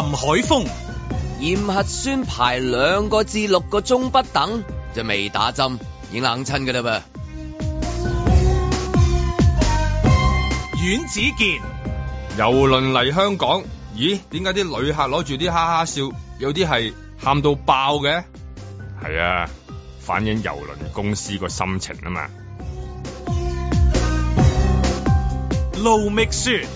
林海峰，嫌，核酸排兩個至六個鐘不等，就未打針，已經冷親噶啦噃。阮子健，遊輪嚟香港，咦？點解啲旅客攞住啲哈哈笑，有啲係喊到爆嘅？係啊，反映遊輪公司個心情啊嘛。盧覓雪。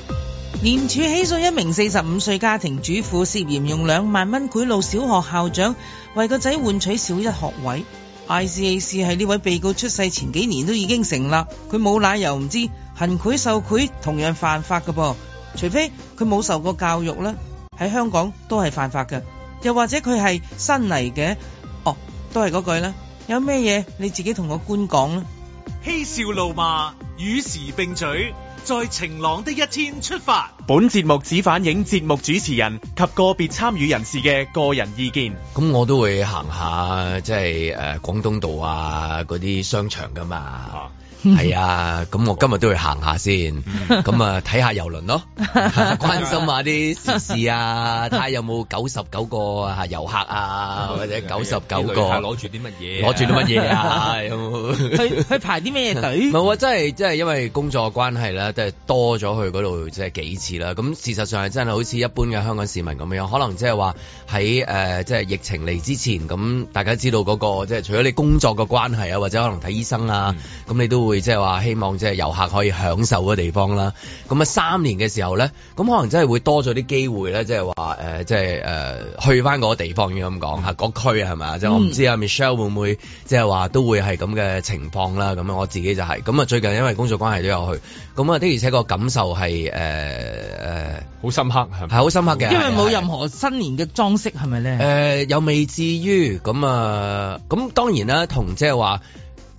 廉署起訴一名四十五歲家庭主婦，涉嫌用兩萬蚊賄賂小學校長，為個仔換取小一學位。ICAC 係呢位被告出世前幾年都已經成立，佢冇理由唔知，行賄受賄同樣犯法㗎噃。除非佢冇受過教育啦，喺香港都係犯法嘅。又或者佢係新嚟嘅，哦，都係嗰句啦。有咩嘢，你自己同個官講啦。嬉笑怒罵與時並舉。在晴朗的一天出發，本節目只反映節目主持人及個別參與人士嘅個人意見。咁我都會行下，即係誒廣東道啊，嗰啲商場噶嘛。哦係 啊，咁我今日都去行下先，咁啊睇下遊輪咯，關心下啲時事啊，睇 下有冇九十九個啊遊客啊， 或者九十九個攞住啲乜嘢，攞住啲乜嘢啊？ 去去排啲咩隊？唔係，我真係真係因為工作關係啦，都係多咗去嗰度即係幾次啦。咁事實上係真係好似一般嘅香港市民咁樣，可能即係話喺誒即係疫情嚟之前，咁大家知道嗰個即係除咗你工作嘅關係啊，或者可能睇醫生啊，咁、嗯、你都會。會即係話希望即係遊客可以享受嘅地方啦。咁啊三年嘅時候咧，咁可能真係會多咗啲機會咧，即係話誒，即係誒、呃，去翻嗰個地方要咁講吓，嗰區係咪？即係我唔知阿 Michelle 會唔會即係話都會係咁嘅情況啦？咁我自己就係咁啊，最近因為工作關係都有去。咁啊的而且個感受係誒誒，好、呃、深刻係，係好深刻嘅。因為冇任何新年嘅裝飾係咪咧？誒、呃，又未至於咁啊。咁、呃、當然啦，同即係話。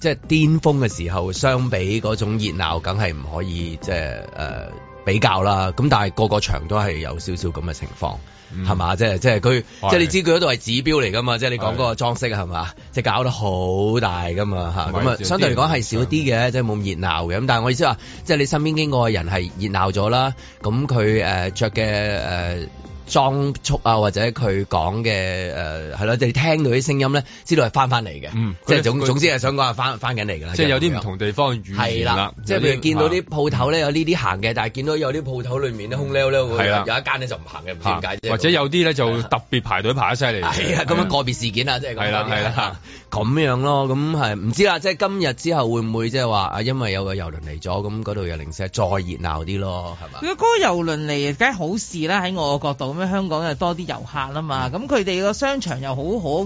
即係巔峰嘅時候，相比嗰種熱鬧，梗係唔可以即係誒比較啦。咁但係個個場都係有少少咁嘅情況，係、嗯、嘛？即係即係佢，即係你知佢嗰度係指標嚟㗎嘛？即係你講嗰個裝飾係嘛？即係搞得好大㗎嘛？嚇咁啊，就相對嚟講係少啲嘅，即係冇咁熱鬧嘅。咁但係我意思話，即係你身邊經過嘅人係熱鬧咗啦。咁佢誒著嘅誒。呃穿的呃裝束啊，或者佢講嘅誒係咯，即、呃、係聽到啲聲音咧，知道係翻翻嚟嘅，嗯，即係總，總之係想講係翻翻緊嚟㗎啦，即係、就是、有啲唔同地方嘅語言啦、啊啊，即係譬如見到啲鋪頭有呢啲行嘅、啊，但係見到有啲鋪頭裏面咧空溜溜㗎，係、啊、有一間就唔行嘅，唔知點解、啊、或者有啲咧就特別排隊排得犀利，係啊，咁、就是啊啊、樣個別事件啊，即係係啦係啦，咁、就是啊啊啊啊啊啊、樣咯，咁係唔知啦，即係今日之後會唔會即係話因為有個遊輪嚟咗，咁嗰度又零舍再熱鬧啲咯，係嘛？佢嗰個遊輪嚟梗係好事啦，喺我個角度。咁香港又多啲遊客啦嘛，咁佢哋個商場又好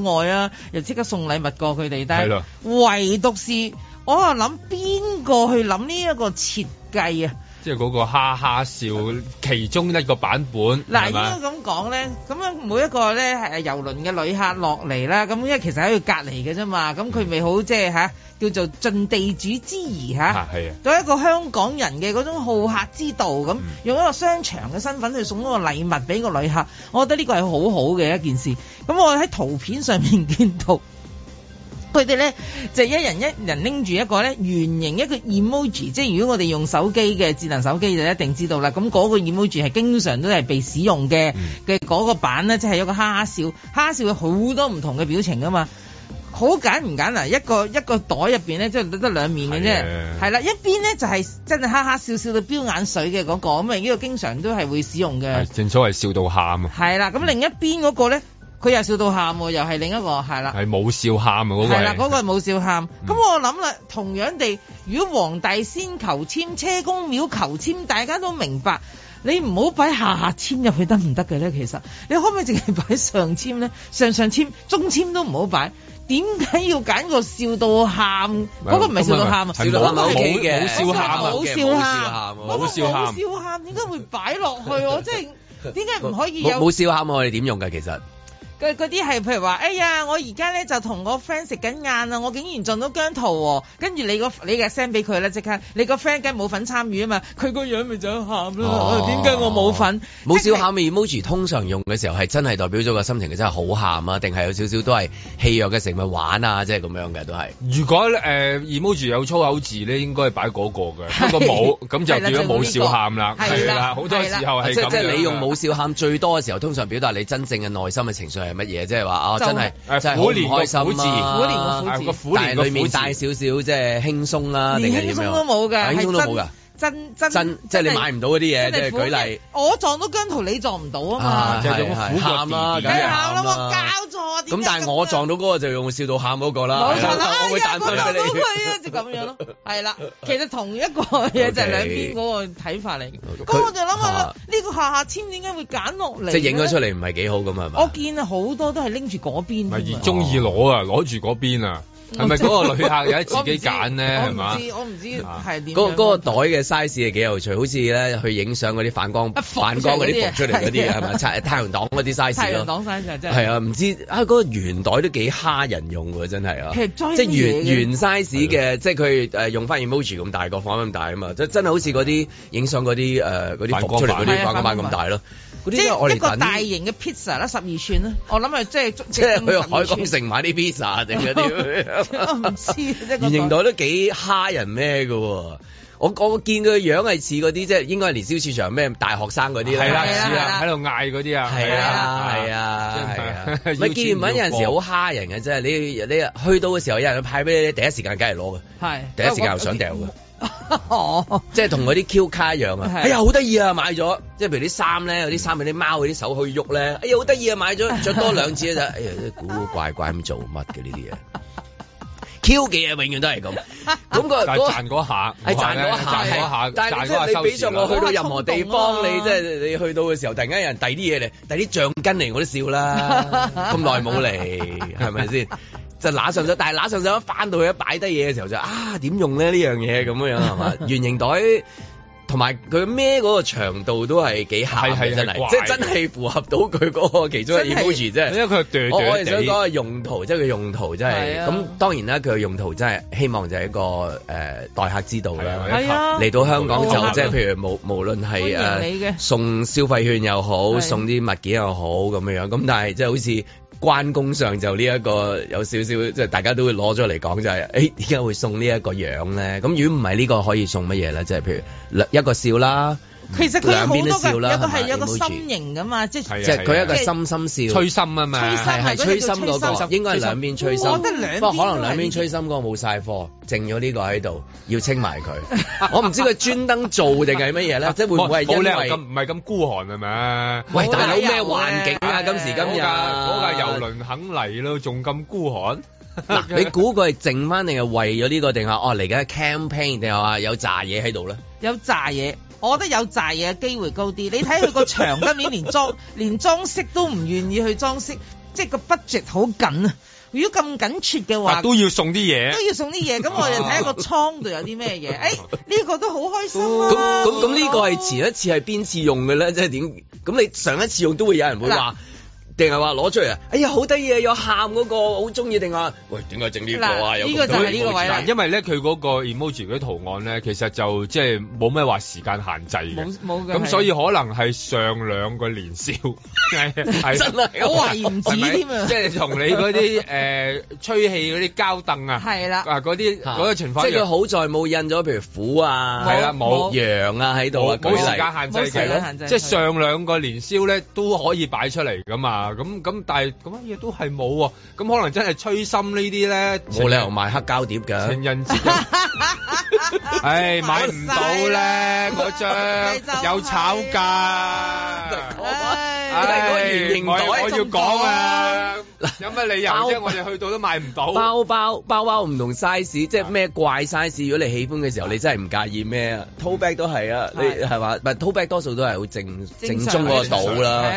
可愛啊，又即刻送禮物過佢哋，但係唯獨是我可能諗邊個去諗呢一個設計啊？即係嗰個哈哈笑，其中一個版本。嗱，應該咁講咧，咁樣每一個咧係遊輪嘅旅客落嚟啦，咁因為其實喺度隔離嘅啫嘛，咁佢咪好即係嚇叫做盡地主之誼嚇，係呀，做一個香港人嘅嗰種好客之道咁，用一個商場嘅身份去送嗰個禮物俾個旅客，我覺得呢個係好好嘅一件事。咁我喺圖片上面見到。佢哋咧就係一人一人拎住一個咧圓形一個 emoji，即係如果我哋用手機嘅智能手機就一定知道啦。咁嗰個 emoji 係經常都係被使用嘅嘅嗰個版咧，即係有個哈哈笑，哈哈笑有好多唔同嘅表情噶嘛。好簡唔簡啊？一個一個袋入邊咧，即係得得兩面嘅啫。係啦，一邊咧就係真係哈哈笑笑到飆眼水嘅嗰個，咁啊呢個經常都係會使用嘅。正所謂笑到喊啊！係啦，咁另一邊嗰個咧。佢又笑到喊，又係另一個，係啦，係冇笑喊嗰、嗰個，係啦，嗰個係冇笑喊。咁我諗啦，同樣地，如果皇帝先求籤，車公廟求籤，大家都明白，你唔好擺下下籤入去得唔得嘅咧？其實，你可唔可以淨係擺上籤咧？上上籤中籤都唔好擺。點解要揀個笑到喊嗰個？唔係笑到喊啊！冇笑喊嘅。冇笑喊好，冇笑喊！冇笑喊！點解會擺落去？喎？即係點解唔可以有冇笑喊？我哋點用㗎？其實？佢嗰啲係譬如話，哎呀，我而家咧就同個 friend 食緊晏啊，我竟然撞到姜濤，哦，跟住你個你嘅 send 俾佢咧，即刻你個 friend 梗冇份參與啊嘛，佢個樣咪就喊啦，點、哦、解我冇份？冇笑喊 emoji 通常用嘅時候係真係代表咗個心情，真係好喊啊，定係有少少都係戲謔嘅成分玩啊，即係咁樣嘅都係。如果誒、呃、emoji 有粗口字咧，應該擺嗰個嘅，不過冇，咁就變咗冇笑喊啦。係啦，好多時候係咁即係即係你用冇笑喊最多嘅時候，通常表達你真正嘅內心嘅情緒。係乜嘢？即係話啊，真係就係好唔開心啊！苦練個苦字，苦苦但係裡面大少少，啊，即係輕鬆啦，連輕鬆都冇嘅，輕鬆都冇噶。真真真，即係你買唔到嗰啲嘢，即係舉例我撞到姜濤，你撞唔到啊嘛，即係用苦過點，喊啦、啊，我教錯咁但係我撞到嗰個就用笑到喊嗰個啦，冇錯啦，我會帶翻俾你就咁樣咯，係啦、啊，其實同一個嘢就係兩邊嗰個睇法嚟，咁 我就諗下，呢、啊這個下下簽點解會揀落嚟，即係影咗出嚟唔係幾好咁嘛。我見好多都係拎住嗰邊，咪中意攞啊，攞住嗰邊啊。係咪嗰個旅客有得自己揀咧？係嘛？我唔知，我唔知係點。嗰、嗰個袋嘅 size 係幾有趣，好似咧去影相嗰啲反光反光嗰啲服出嚟嗰啲係咪太太陽擋嗰啲 size 咯？太陽擋 size 真係、啊啊。啊，唔知啊嗰個圓袋都幾蝦人用喎，真係啊！即係圓圓 size 嘅，即係佢誒用翻 emoji 咁大、個放咁大啊嘛！即係真係好似嗰啲影相嗰啲誒嗰啲服出嚟嗰啲反光板咁大咯。即係一個大型嘅 pizza 啦，十二吋啦。我諗係即係即係去海港城買啲 pizza 定嗰啲。 我唔知、那個，原型台都幾蝦人咩嘅？我我見佢樣係似嗰啲，即係應該係年宵市場咩大學生嗰啲咧，係啦，係啦，喺度嗌嗰啲啊，係啊，係啊，係啊，咪見唔穩有陣時好蝦人嘅啫。你你,你去到嘅時候，有人派俾你，你第一時間梗係攞嘅，係第一時間又想掉嘅，哦，即係同嗰啲 Q 卡一樣啊！哎呀，好得意啊，買咗，即係譬如啲衫咧，有啲衫有啲貓，有啲手去喐咧，哎呀，好得意啊，買咗，着多兩次啊，就哎呀，啲古怪怪咁做乜嘅呢啲嘢。Q 嘅嘢永遠都係咁，咁、那個嗰賺嗰下，係、那個、賺嗰下，賺嗰下，下，但係即係你俾咗我去到任何地方，啊、你即係你去到嘅時候，突然間有人遞啲嘢嚟，遞啲橡筋嚟，我都笑啦，咁耐冇嚟，係咪先？ 就拿上手，但係拿上手。一翻到去一擺低嘢嘅時候，就啊點用咧呢樣嘢，咁嘅樣係嘛？圓形袋。同埋佢孭嗰個長度都係幾慘，真係，即係真係符合到佢嗰個其中嘅 emoji 啫。因為佢係嘅。我我係想講嘅用途，即係佢用途真係。咁、啊嗯、當然啦，佢嘅用途真係希望就係一個誒待、呃、客之道啦。嚟、啊啊、到香港就即係譬如無無論係誒送消費券又好，啊、送啲物件又好咁樣樣。咁但係即係好似。關公上就呢一個有少少，即係大家都會攞咗嚟講，就係，誒點解會送呢一個樣咧？咁如果唔係呢個可以送乜嘢咧？即係譬如一個笑啦。其實佢有好多個，有個係有個心形噶嘛，即係即係佢一個心心笑，吹心啊嘛，係嗰個吹心嗰個，應該係兩邊吹心，不過可能兩邊吹心嗰個冇晒貨，剩咗呢個喺度，要清埋佢。我唔知佢專登做定係乜嘢咧，即係會唔會係因為冇靚咁唔係咁孤寒係咪？喂，但係有咩環境啊？今時今日嗰架遊輪肯嚟咯，仲咁孤寒？嗱，你估佢係剩翻定係為咗呢個定係哦嚟緊 campaign 定係話有炸嘢喺度咧？有炸嘢。我覺得有嘢嘅機會高啲，你睇佢個牆今年連裝連裝飾都唔願意去裝飾，即係個 budget 好緊啊！如果咁緊缺嘅話都，都要送啲嘢，都要送啲嘢。咁我哋睇下個倉度有啲咩嘢。誒，呢個都好開心啊！咁咁咁呢個係前一次係邊次用嘅咧？即係點？咁你上一次用都會有人會話。定係話攞出嚟？哎呀，好得意啊！有喊嗰個好中意，定啊？喂，點解整呢個啊？呢個就係呢個位啦。因為咧，佢嗰個 emoji 嗰啲圖案咧，其實就即係冇咩話時間限制嘅。冇冇嘅。咁所以可能係上兩個年宵係係真係，好懷疑唔止添。即係同你嗰啲誒吹氣嗰啲膠凳啊，係啦啊嗰啲嗰個情況。即係佢好在冇印咗，譬如虎啊，係啦，冇羊啊喺度啊，舉例冇時間限制嘅。即係上兩個年宵咧都可以擺出嚟噶嘛？咁咁，但係咁樣嘢都係冇，咁可能真係吹心呢啲咧，冇理由買黑膠碟嘅，情人節，唉、 哎，買唔到咧，嗰、 啊、張有炒價。 哎你睇嗰個圓形袋，我要講啊！有咩理由啫？我哋去到都買唔到包包，包包唔同 size，即係咩怪 size。如果你喜歡嘅時候，你真係唔介意咩啊？tote bag 都係啊，你係嘛？唔係 tote bag 多數都係好正正宗個袋啦。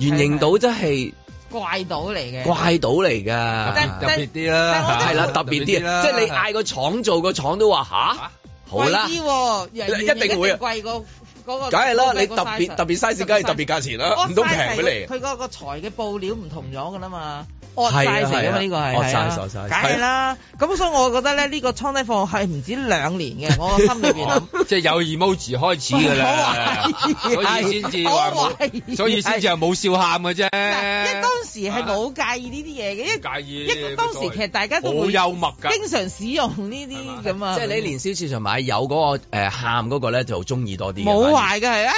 圓形袋真係怪袋嚟嘅，怪袋嚟噶，特別啲啦，係啦，特別啲啦。即係你嗌個廠做，個廠都話嚇，好啦，一定會貴過。梗係啦，size，你特別特別嘥梗係，特別價錢啦，唔通平俾你？佢嗰個材嘅布料唔同咗㗎啦嘛，我曬成㗎嘛呢個係，惡曬收曬，梗係啦。咁所以我覺得咧，呢個倉底貨係唔止兩年嘅，我個心裏邊諗。即係有 emoji 開始㗎啦、 啊，所以先至，所以先至係冇笑喊㗎啫。因為當時係冇介意呢啲嘢嘅，因為介意介意因為當時其實大家都好幽默，經常使用呢啲咁啊。即係你年宵市場買有嗰、嗰個喊嗰、呃、個咧，就中意多啲壞嘅係啊，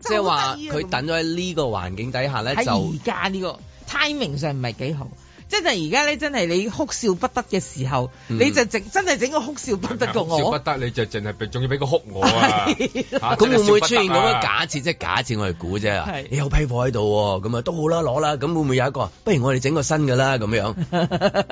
即係話佢等咗喺呢個環境底下咧，就而家呢個 timing 上唔係幾好。即係而家咧，真係你哭笑不得嘅時候，嗯、你就整真係整個哭笑不得個我係咪。哭笑不得，你就淨係仲要俾佢哭我啊！咁、 啊、 會唔會出現咁樣假設？即 係假，假設我哋估啫，你有批貨喺度，咁啊都好啦，攞啦。咁會唔會有一個？不如我哋整個新嘅啦，咁樣。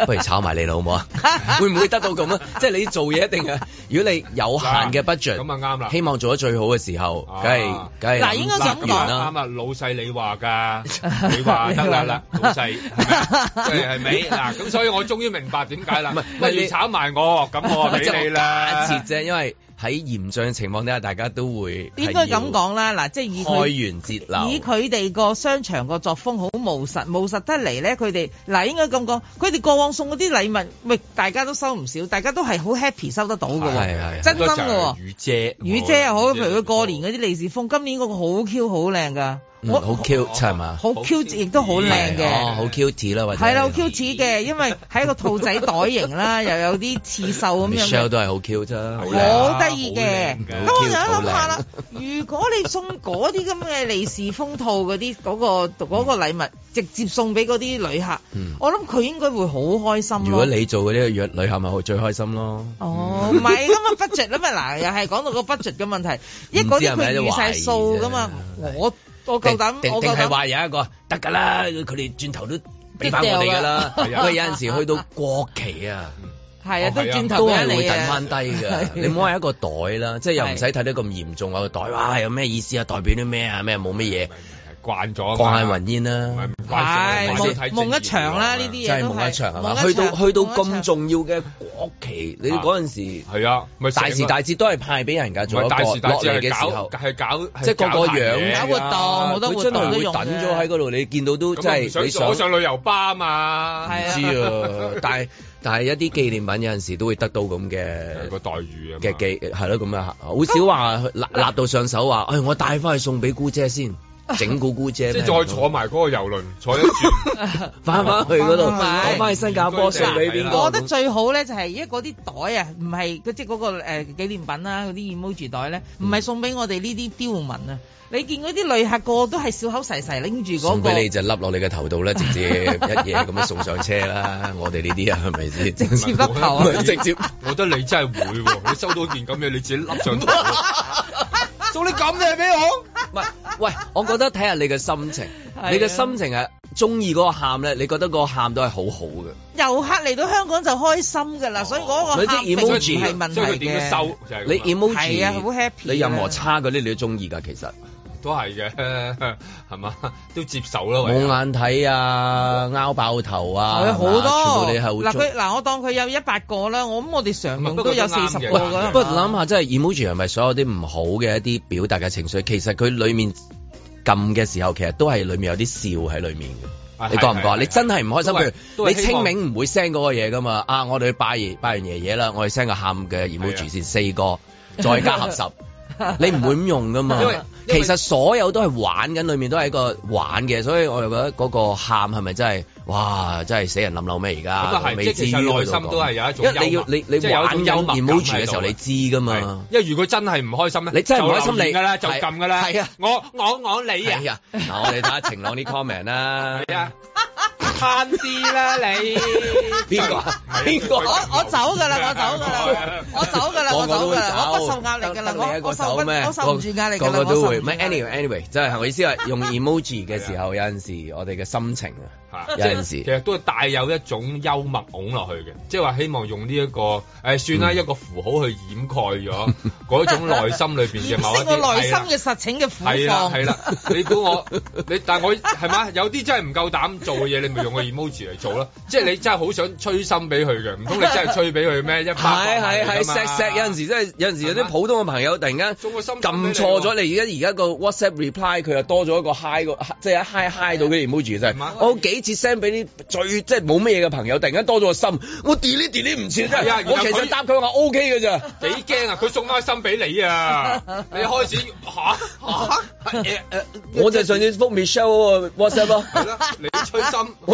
不如炒埋你啦，好唔好啊？ 會唔會得到咁啊？ 即係你做嘢一定，如果你有限嘅 budget，咁啊啱啦。希望做得最好嘅時候，梗係梗係。嗱、啊，應該咁講啱啊！老細你話㗎， 你話得啦 老細。是係咪嗱？咁所以我終於明白點解啦。唔 係，你炒埋我，咁 我俾你啦。一節啫， 因為喺嚴峻情況底下，大家都會應該咁講啦。嗱，即係以開源節流啦。以佢哋個商場個作風好務實，務實得嚟咧，佢哋嗱應該咁講，佢哋過往送嗰啲禮物，喂，大家都收唔少，大家都係好 happy 收得到嘅喎，是是是是真心嘅喎。雨遮，雨遮又好，譬如佢過年嗰啲利是封，哦、今年個個好 Q，好靚噶。好 Q 出係嘛？好 Q，亦都好靚嘅。好好 Q T 啦，cute, 哦、cute, 或者係啦，好 Q T 嘅，因為係一個兔仔袋型啦， 又有啲刺繡咁樣。 Michelle 都係好 Q 咋，好得意嘅。咁、啊、我又一諗諗下啦，如果你送嗰啲咁嘅利是封套嗰啲嗰個嗰、嗰個禮物、嗯，直接送俾嗰啲旅客，嗯、我諗佢應該會好開心。如果你做嗰啲，旅客咪最開心咯。哦，唔係咁啊，budget 啦嘛，嗱，又係講到個 budget 嘅問題，一嗰啲佢預晒數噶嘛，我。我夠膽，定定係話有一個得噶啦，佢哋轉頭都俾翻我哋噶啦。佢有陣時去到過期啊，係、 嗯哦、啊，都轉頭都係、啊、會掟翻低噶。你唔好話一個袋啦，即係又唔使睇得咁嚴重啊，個袋哇有咩意思啊？代表啲咩啊？咩冇咩嘢？慣咗，慣雲煙啦、啊，係夢夢一場啦，呢啲嘢都係夢一場係嘛？去到去到咁重要嘅國旗，啊、你嗰陣時係啊，大時大節都係派俾人噶，做個大個大嚟嘅時候係搞，即係個個樣搞活動，會出到會等咗喺嗰度，你見到都即、就、係、是、想坐上旅遊巴啊嘛，唔、啊、知啊，但係但係一啲紀念品有陣時都會得到咁嘅個待遇嘅紀係咯咁樣好少話立到上手話，我帶翻去送俾姑姐先。整姑姑姐，即係再坐埋嗰個遊輪，坐一轉，翻翻去嗰度，翻翻去新加坡。送俾邊個？我覺得最好咧，就係因為嗰啲袋啊，唔係，即係嗰個誒紀念品啦，嗰啲 emoji 袋咧，唔係送俾我哋呢啲刁民啊！你見嗰啲旅客個個都係笑口噬噬，拎住嗰，送俾你就笠落你嘅頭度啦，直接一嘢咁樣送上車啦。我哋呢啲啊係咪先？直接甩頭啊！直接，我覺得你真係唔會，你收到件咁嘢，你自己笠上頭，送你咁嘢俾我。 喂！我覺得睇下你嘅心情，啊、你嘅心情係中意嗰個喊咧，你覺得嗰個喊都係好好嘅。遊客嚟到香港就開心㗎啦、oh.，所以嗰個喊都唔係問題嘅。你 emoji 啊，好 happy。你任何差嗰啲你都中意㗎，其實。都係嘅，係嘛，都接受咯。冇眼睇啊，拗爆頭啊，有好多處理嗱佢嗱我當佢有一百個啦，我咁我哋常用都有四十個噶啦。不諗下即係 e m o j i o 咪所有啲唔好嘅一啲表達嘅情緒，其實佢裏面撳嘅時候，其實都係裏面有啲笑喺裏面嘅、啊。你覺唔覺？你真係唔開心，譬如你清明唔會 send 嗰個嘢噶嘛？啊，我哋去拜拜完爺爺啦，我哋 send 個喊嘅 e m o j i 先四個，再加合十。 你唔會咁用噶嘛？因為其實所有都係玩緊，裏面都係一個玩嘅，所以我又覺得嗰個喊係咪真係？哇！真係死人冧樓咩而家，未至於喎。因為你要你你玩幽默、演好處嘅時候，你知噶嘛？因為如果真係唔開心咧，你真係唔開心，嚟噶啦就咁噶啦，係啊，我我我你啊，嗱，我哋睇下晴朗啲 comment 啦。係啊。攤啲啦你邊個？邊個？我我走㗎啦！我走㗎啦！我走㗎啦！我走㗎啦！我受壓力㗎啦！我我受咩？我受唔住壓力㗎啦！我受咩？anyway anyway，即係我意思係用 emoji 嘅時候，有陣時我哋嘅心情啊，有陣時其實都係帶有一種幽默㧬落去嘅，即係話希望用呢一個誒，算啦一個符號去掩蓋咗嗰種內心裏邊嘅某一啲係啊！內心嘅實情嘅苦況係啦係啦！你估我？你但係我係嘛？有啲真係唔夠膽做嘅嘢，你咪～ 用個 emoji 嚟做啦，即係你真係好想吹心俾佢嘅，唔通你真係吹俾佢咩？一係係係錫錫，有陣時真係有陣時有啲普通嘅朋友突然間撳錯咗，你而家而家個 WhatsApp reply 佢又多咗一個 high 即係一 high high hi 到 emoji 真係。我幾次 send 俾啲最即係冇乜嘢嘅朋友，突然間多咗個心，我 delete delete 唔切啫。我其實答佢話 OK 嘅咋，幾驚啊！佢送翻個心俾你啊！你開始、 欸呃、我就上次復 Michelle 嗰個 WhatsApp 啦、啊。你吹心。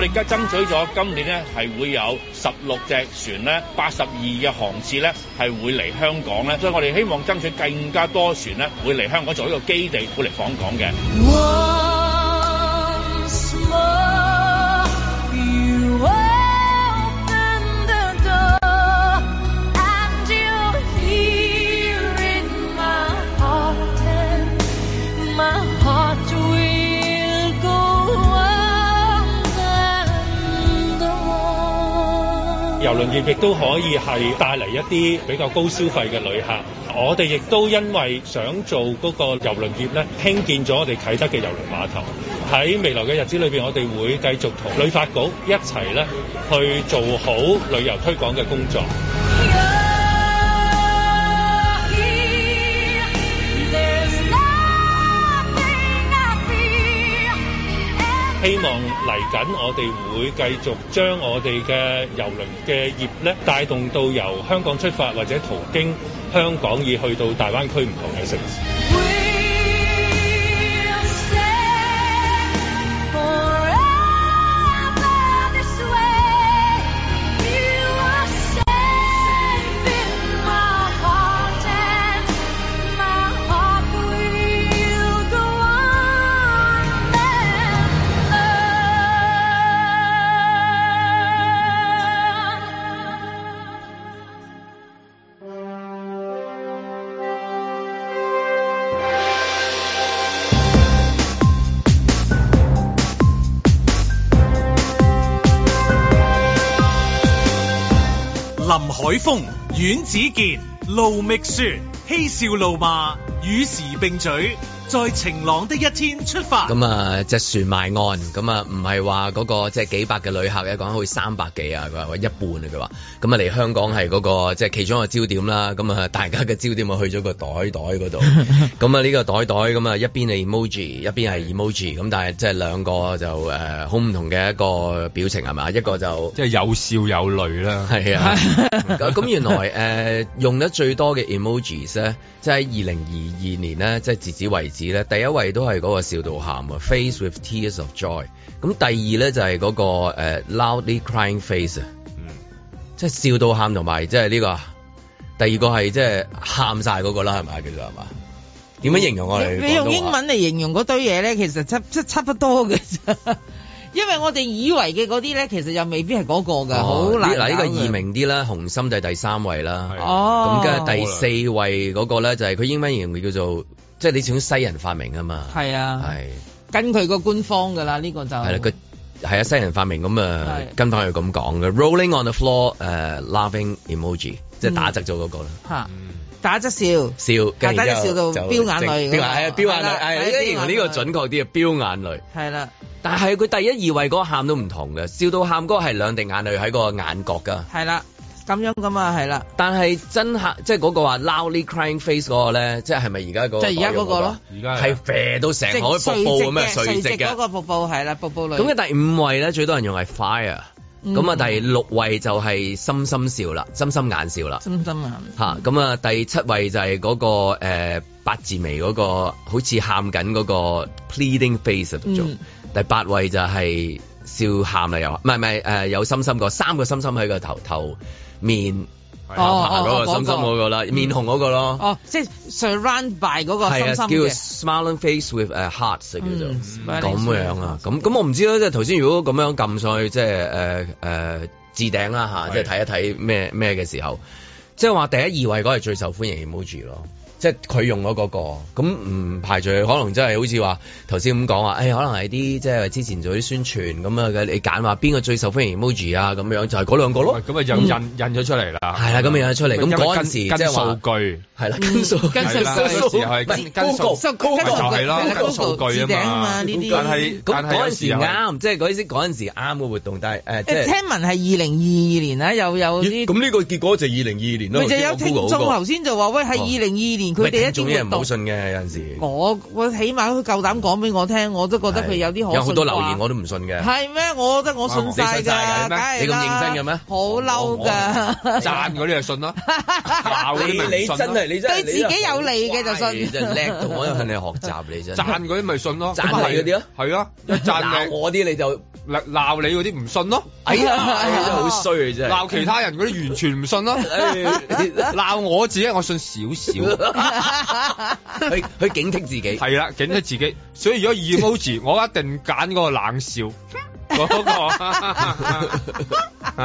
我哋而家爭取咗今年咧，係會有十六隻船咧，八十二嘅航次咧，係會嚟香港咧。所以我哋希望爭取更加多船咧，會嚟香港做一個基地，會嚟訪港嘅。郵輪業亦都可以係帶嚟一啲比較高消費嘅旅客，我哋亦都因為想做嗰個郵輪業咧，興建咗我哋啟德嘅郵輪碼頭。喺未來嘅日子裏邊，我哋會繼續同旅發局一齊咧去做好旅遊推廣嘅工作。希望嚟緊，我哋會繼續將我哋嘅遊輪嘅業咧，帶動到由香港出發或者途經香港，以去到大灣區唔同嘅城市。海峰，阮子健，盧覓雪，嬉笑怒罵，與時並舉。在晴朗的一天出發。咁啊，隻船埋岸，咁啊，唔係話嗰個即係幾百嘅旅客一講，好似三百幾啊，佢話一半啊，佢話。咁啊，嚟香港係嗰、嗰個即係其中一個焦點啦。咁啊，大家嘅焦點啊去咗個袋袋嗰度。咁啊，呢個袋袋咁啊，一邊係 emoji，一邊係 emoji。咁但係即係兩個就誒好唔同嘅一個表情係嘛？一個就即係有笑有淚啦。係啊。咁、啊 嗯、原來誒、呃、用得最多嘅 emoji 咧，即係二零二二年呢，即係截止為止。第一位都係嗰個笑到喊啊，Face with tears of joy。咁第二咧就係嗰、那個、uh, loudly crying face 啊、mm.，即係笑到喊同埋即係呢個，第二個係即係喊晒嗰個啦，係咪其實係嘛？點、mm. 樣形容我哋？你用英文嚟形容嗰堆嘢咧，其實差差差不多嘅啫，因為我哋以為嘅嗰啲咧，其實又未必係嗰個㗎，好、哦、難。嗱，呢個易明啲啦，紅心就係第三位啦，哦，咁跟住第四位嗰個咧就係、是、佢英文形容叫做。即係你始終西人發明啊嘛，係啊，係、啊、跟佢個官方噶啦，呢、這個就係啦，佢係啊西人發明咁啊跟翻佢咁講嘅。Rolling on the floor，誒、uh, loving emoji，即係打則咗嗰個啦，嚇、嗯、打側笑笑，笑然後然後打側笑到飆,飆,飆眼淚。係飆眼淚，第一呢個準確啲啊，飆眼淚。係啦、啊啊哎哎這個啊，但係佢第一二位嗰個喊都唔同嘅，笑到喊嗰個係兩滴眼淚喺個眼角㗎。係啦、啊。咁樣噶嘛係啦，但係真客，即係嗰個話 loudly crying face 嗰個咧，即係咪而家嗰？係而家嗰個咯，而家係啡到成海瀑布咁樣垂直嘅水嗰個瀑布係啦，瀑布類。咁嘅第五位咧最多人用係 fire，咁啊、嗯、第六位就係心心笑啦，心心眼笑啦，心心眼咁啊 第七位就係嗰、嗰個、呃、八字眉嗰、嗰個，好似喊緊嗰個 pleading face 做、嗯。第八位就係笑喊啦又，唔係唔係有心心個三個心心喺個頭頭。頭面、啊、白白哦，嗰、哦、個心心嗰個啦，面紅嗰、那個咯，哦，即係 surrounded by 嗰個係啊、嗯，叫 smiling face with 誒 hearts 叫做咁、嗯、樣，樣啊，咁咁我唔知啦，即係頭先如果咁樣撳上去，即係誒誒置頂啦吓，即係睇一睇咩咩嘅時候，即係話第一二位嗰係最受歡迎 emoji 咯。即係佢用嗰、那個咁唔排除可能真係好似話頭先咁講話，誒、欸、可能係啲即係之前做啲宣傳咁嘅。你揀話邊個最受歡迎 Emoji 啊咁樣，就係、是、嗰兩個咯。咁、嗯、啊、嗯嗯嗯、印印印咗出嚟啦。係啦，咁印出嚟。咁嗰陣時即係數據係啦，跟數跟數。嗰陣時係高就高就係啦，跟數據啊、就是嗯嗯就是、嘛。咁但係嗰陣時啱，即係嗰啲嗰陣時啱嘅活動，但係誒聽聞係二零二二年又有咁呢個結果就二零二二年啦。咪就有聽眾頭先就話喂係二零二二年。佢哋做嘢唔好信嘅，有陣時我我起碼佢夠膽講俾我聽，我都覺得佢有啲好。有好多留言我都唔信嘅，係咩？我覺得我，哦、我信曬㗎，你咁認真嘅咩？好嬲㗎！贊嗰啲就信咯，鬧嗰啲唔信咯，對自己有利嘅就信， 就叻，同我向你學習嚟啫。贊嗰啲咪信咯，贊係嗰啲咯，係啊！一贊我啲你就鬧你嗰啲唔信咯，哎呀！好衰你真鬧、啊、其他人嗰啲完全唔信咯，鬧 我自己我信少少。 去去警惕自己，係啦，警惕自己。所以如果 emoji，我一定揀嗰個冷笑嗰、 嗰個。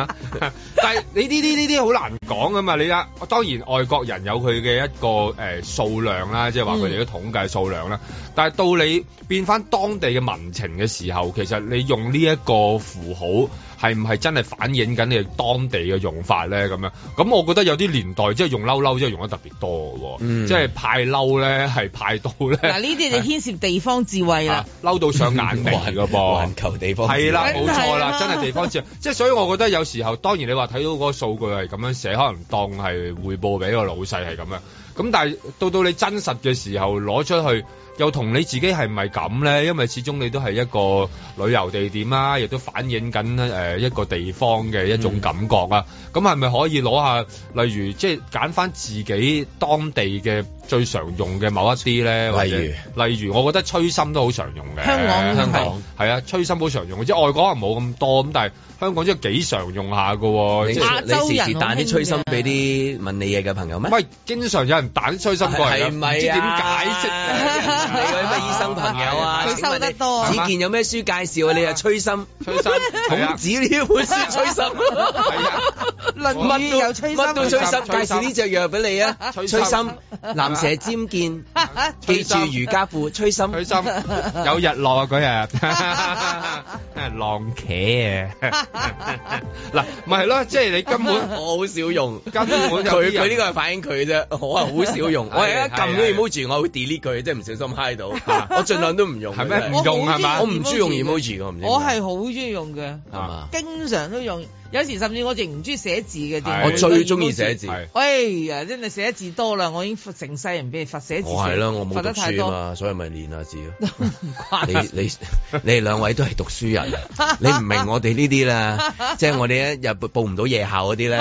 但係你呢啲呢啲好難講噶嘛？你啊，當然外國人有佢嘅一個誒數、呃、量啦，即係話佢哋嘅統計數量啦。嗯、但係到你變翻當地嘅民情嘅時候，其實你用呢一個符號。係唔係真係反映緊你當地嘅用法咧？咁樣咁，我覺得有啲年代即係用嬲嬲，即係用，用得特別多喎、嗯，即係派嬲咧，係派到咧。嗱，呢啲就牽涉地方智慧啦。嬲、啊、到上眼明嘅噃，環 球地方係啦，冇錯啦， 真係地方智慧。即 係所以，我覺得有時候，當然你話睇到嗰個數據係咁樣寫，可能當係彙報俾個老細係咁樣。咁但係到到你真實嘅時候攞出去。又同你自己係咪咁咧？因為始終你都係一個旅遊地點啦、啊，亦都反映緊誒一個地方嘅一種感覺啊。咁係咪可以攞下，例如即係揀翻自己當地嘅最常用嘅某一啲咧？例如例如，我覺得吹心都好常用嘅。香港香港係啊，吹心好常用，即係外國人冇咁多咁，但係香港真係幾常用下嘅。即係你時時彈啲吹心俾啲問你嘢嘅朋友咩？喂，經常有人彈啲吹心過嚟，唔、啊、知點解 你有啲咩醫生朋友啊？佢收得多啊！子健有咩書介紹啊？你又催心，催心《孔子》呢本書催心。係 乜都乜都吹心，介紹呢隻藥俾你啊！吹心，藍蛇尖劍，記住瑜伽褲，吹心，吹心，有日落嗰日，浪茄啊！嗱，咪係咯，即係你根本 我好少用，根本佢佢呢個係反映佢啫，我係好少用，我係一撳咗 emoji 我會 delete 佢，即係唔小心嗨到，我儘量都唔用，係咩？唔用係嘛？我唔中意用 emoji 嘅，我係好中意用嘅，經常都用。有時甚至我亦唔中意寫字啲。的我最中意寫字。哎呀，真係寫字多啦，我已經成世人俾你罰寫字寫。我係啦，我冇讀書嘛，所以咪練下字咯。 你你 你哋兩位都係讀書人， 你唔明我哋呢啲啦，即 係我哋咧日報唔到夜校嗰啲咧，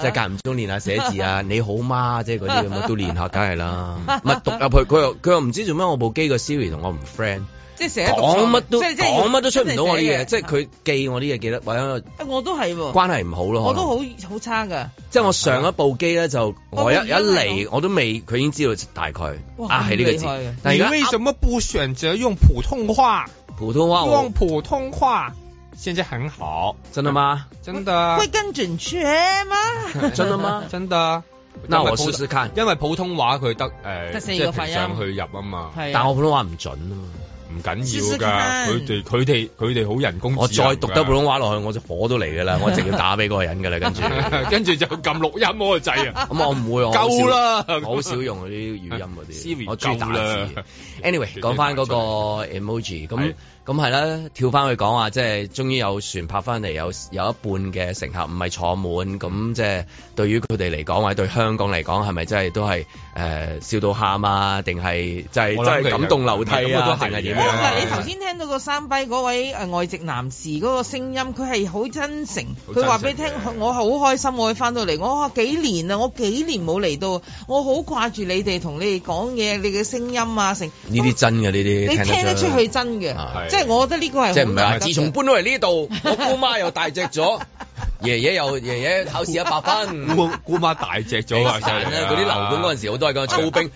即係間唔中練下寫字啊， 你好嗎？即係嗰啲咁都練下，梗係啦。唔係讀入去，佢又佢又唔知做咩，我部機個 Siri 同我唔 friend。即係成日講乜都講乜都出唔到我啲嘢，的的啊、即係佢記我啲嘢記得喂，我都係喎。關係唔好咯。我都好好差噶。即係我上一部機咧，啊、就我,、啊、我一啊啊一嚟，我都未佢已經知道大概哇啊，係呢個字。但啊、你為什麼不選擇用普通話？普通話。用普通話，現在很好，真的嗎？真的。會更準確嗎？ 真的嗎？真的。那我試試看，因為普通話佢得誒，即係平上去入啊嘛。啊但我普通話唔準啊嘛。唔緊要㗎，佢哋佢哋佢哋好人工智人。我再讀得普通話落去，我就火都嚟㗎啦，我一定要打俾嗰個人㗎啦，跟住 跟住就撳錄音、 嗯、我個掣 啊，咁我唔會我好少，好少用嗰啲語音嗰啲，我中意打字。Anyway，講翻嗰個 emoji 咁。 咁係啦，跳翻去講話，即係終於有船泊翻嚟，有有一半嘅乘客唔係坐滿，咁即係對於佢哋嚟講，或者對香港嚟講，係咪真係都係誒笑到喊啊？定係即係真係感動流涕啊？嗱，你頭先聽到個山飛嗰位外籍男士嗰個聲音，佢係好真誠，佢話俾你聽，我好開心，我翻到嚟，我話幾年啦，我幾年冇嚟到，我好掛住你哋，同你哋講嘢，你嘅聲音啊，成呢啲真嘅呢啲，你聽得出去真嘅。即係我覺得呢個係即係唔係？自從搬咗嚟呢度，我姑媽又大隻咗， 爺爺又爺爺考試一百分，姑 姑媽大隻咗。嗰啲樓嘅嗰陣時好多係咁操兵，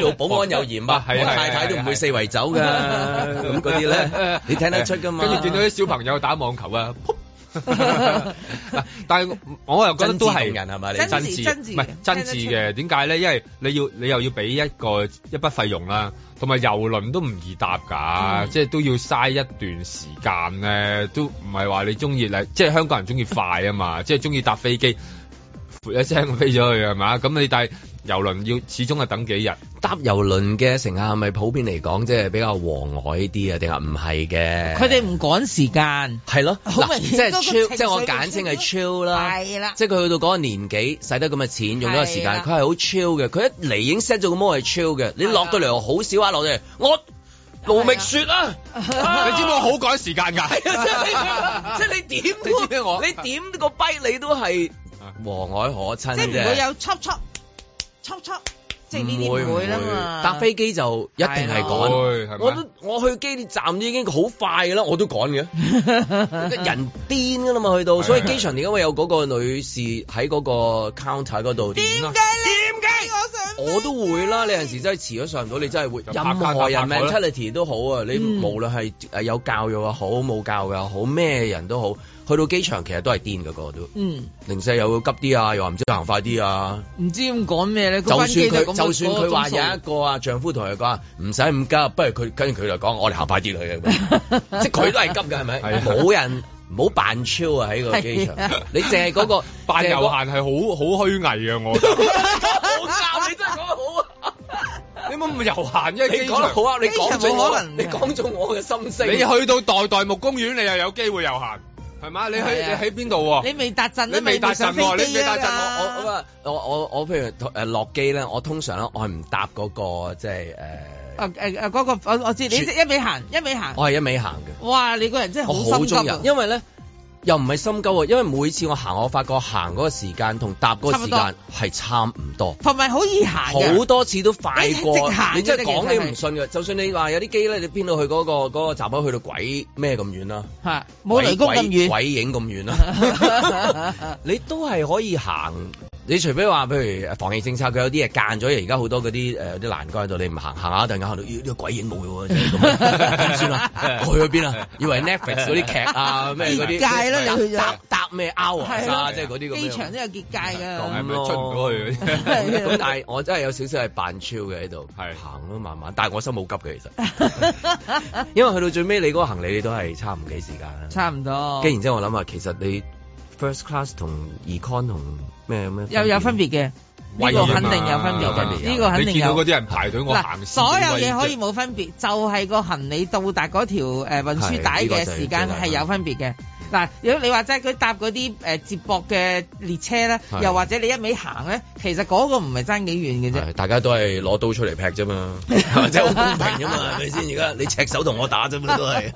呢 度保安有嚴啊，幫幫幫幫幫幫我太太都唔會四圍走㗎，咁嗰啲咧，你聽得出㗎嘛？跟住見到啲小朋友打網球啊！ 但係我又覺得都係，真摯，唔係真摯嘅。點解咧？因為你要，你又要俾一個一筆費用啦，同埋郵輪都唔易搭㗎，嗯，即係都要嘥一段時間咧，都唔係話你中意咧，即係香港人中意快啊嘛， 即係中意搭飛機。一聲飛咗去係嘛？咁你但係遊輪要始終係等幾日，搭遊輪嘅乘客係咪普遍嚟講即係比較和藹啲啊？定係唔係嘅？佢哋唔趕時間係咯，即係 chill，即係我簡稱係 chill 啦。係啦，即係佢去到嗰個年紀，使得咁嘅錢，用咗個時間，佢係好 chill 嘅。佢一嚟已經 set 咗個 mode 係 chill 嘅，你落到嚟好少啊！落到嚟我盧覓雪啊！你知唔知我好趕時間噶？即 係 你點，你點，這個逼你都係。和藹可親啫，即係唔會有速速，出出，即係呢啲會唔會啦嘛？搭飛機就一定係趕，是我都我去機鐵站已經好快嘅啦，我都趕嘅， 人癲嘅啦嘛，去到所以機場點解有嗰個女士喺嗰個 counter 嗰度點？點解我都會啦，你有陣時候真係遲咗上到，你真係會卡卡任何人 mentality 都好啊！你無論係有教育又好，冇、嗯、教育又好，咩人都好。去到機場其實那個都係癲噶個都，嗯，零舍又急啲啊，又話唔知行快啲啊，唔知咁講咩咧？就算佢就算佢話有一個啊，丈夫同佢講唔使唔急，不如佢跟住佢嚟講，我哋行快啲去嘅， 那個、 即係佢都係急嘅，係咪？係 冇人唔、 那個、 真的 好扮超啊喺個機場，你淨係嗰個扮悠閒，係好好虛偽啊。我。我覺得你真係講得好啊！你冇咁悠閒，你講得好啊！你講唔可能，你講咗我嘅心聲。你去到代代木公園，你又有機會悠閒。係嘛？你喺你喺邊度？你未搭陣啊？你未搭陣喎！你未搭陣喎！我我我我,我譬如誒，落機咧，我通常咧、那個就是呃啊啊那個，我係唔搭嗰個即係誒誒誒，嗰個我我知，你識一味行一味行，我係一味行嘅。哇！你個人真係好心急，因為咧。又唔係心急，因為每次我行，我發覺我行嗰個時間同搭嗰個時間係差唔多，係咪可以行？好多，多次都快過，欸、你即係講你唔信嘅？就算你話有啲機咧，你邊度去嗰嗰個嗰嗰個站口去到鬼咩咁遠啦？係冇、啊啊、雷公咁遠，鬼影咁遠啦， 你都係可以行。你除非話，譬如防疫政策，佢有啲嘢間咗。而家好多嗰啲誒啲欄杆喺度，你唔行行下，突然間行到，咦、哎，鬼影冇喎，咁 算啦。去咗邊啊？以為 Netflix 嗰啲劇啊，咩嗰啲結界啦，你去搭搭咩 out 啊？即係嗰啲機場都有結界咁出唔去嗰啲。咁 但係我真係有少少係扮超嘅喺度，行咯，慢慢。但係我心冇急嘅，其實，因為去到最尾，你嗰個行李你都係差唔幾時間，差唔多。跟住然之後我，我諗啊，其實你。First class 同 econ 同咩咩又有分別嘅，呢個肯定有分別，呢個肯定有。你見到嗰啲人排隊，我嗱所有嘢可以冇分別，就係個行李到達嗰條誒運輸帶嘅時間係有分別嘅。但如果你話齋佢搭嗰啲、呃、接駁嘅列車咧，又或者你一味行咧，其實嗰個唔係爭幾遠嘅啫。大家都係攞刀出嚟劈啫嘛，或者好公平啊嘛，係咪先？而家你赤手同我打啫嘛，都 係，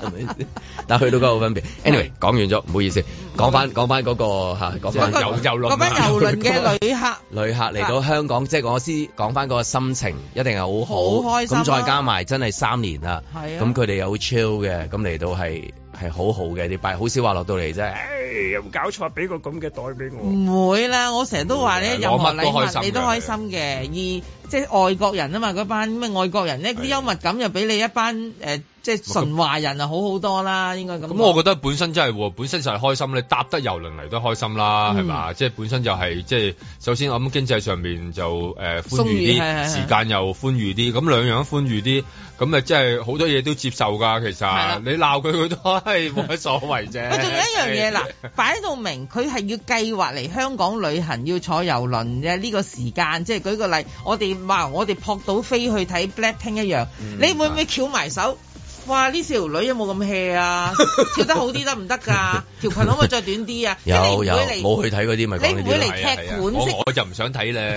但去到都分別。Anyway，講完咗唔好意思，講翻講翻嗰個嚇，講翻遊遊輪啊，講返遊輪嘅旅客，旅客嚟到香港，即係、就是、我先講翻嗰個心情，一定係好好開心，啊。咁再加埋真係三年啦，咁佢哋又好 chill 嘅，咁嚟到係。係好好嘅啲幣，好少話落到嚟啫。欸、又搞錯？俾個咁嘅袋俾我？唔會啦，我成日都話咧，任何禮物都開心你都開心嘅。而即係外國人啊嘛，嗰班咩外國人呢？啲幽默感又比你一班、呃、即係純華人啊好好多啦，應該咁講。咁我覺得本身真係喎，本身就係開心你搭得遊輪嚟都開心啦，係、嗯、嘛？即係本身就係、是、即係首先咁經濟上面就誒、呃、寬裕啲，時間又寬裕啲，咁兩樣都寬裕啲，咁啊即係好多嘢都接受㗎。其實你鬧佢佢都係冇乜所謂啫。我 仲有一樣嘢啦擺 到明，佢係要計劃嚟香港旅行，要坐遊輪嘅呢個時間，即係舉個例，我哋話我哋撲到飛去睇 Blackpink 一樣，嗯、你會唔會翹埋手？哇！呢條女有冇咁 hea 啊？跳得好啲得唔得㗎？條裙可唔可以再短啲啊？有你會有冇去睇嗰啲咪？你唔會嚟踢館式我，我就唔想睇咧，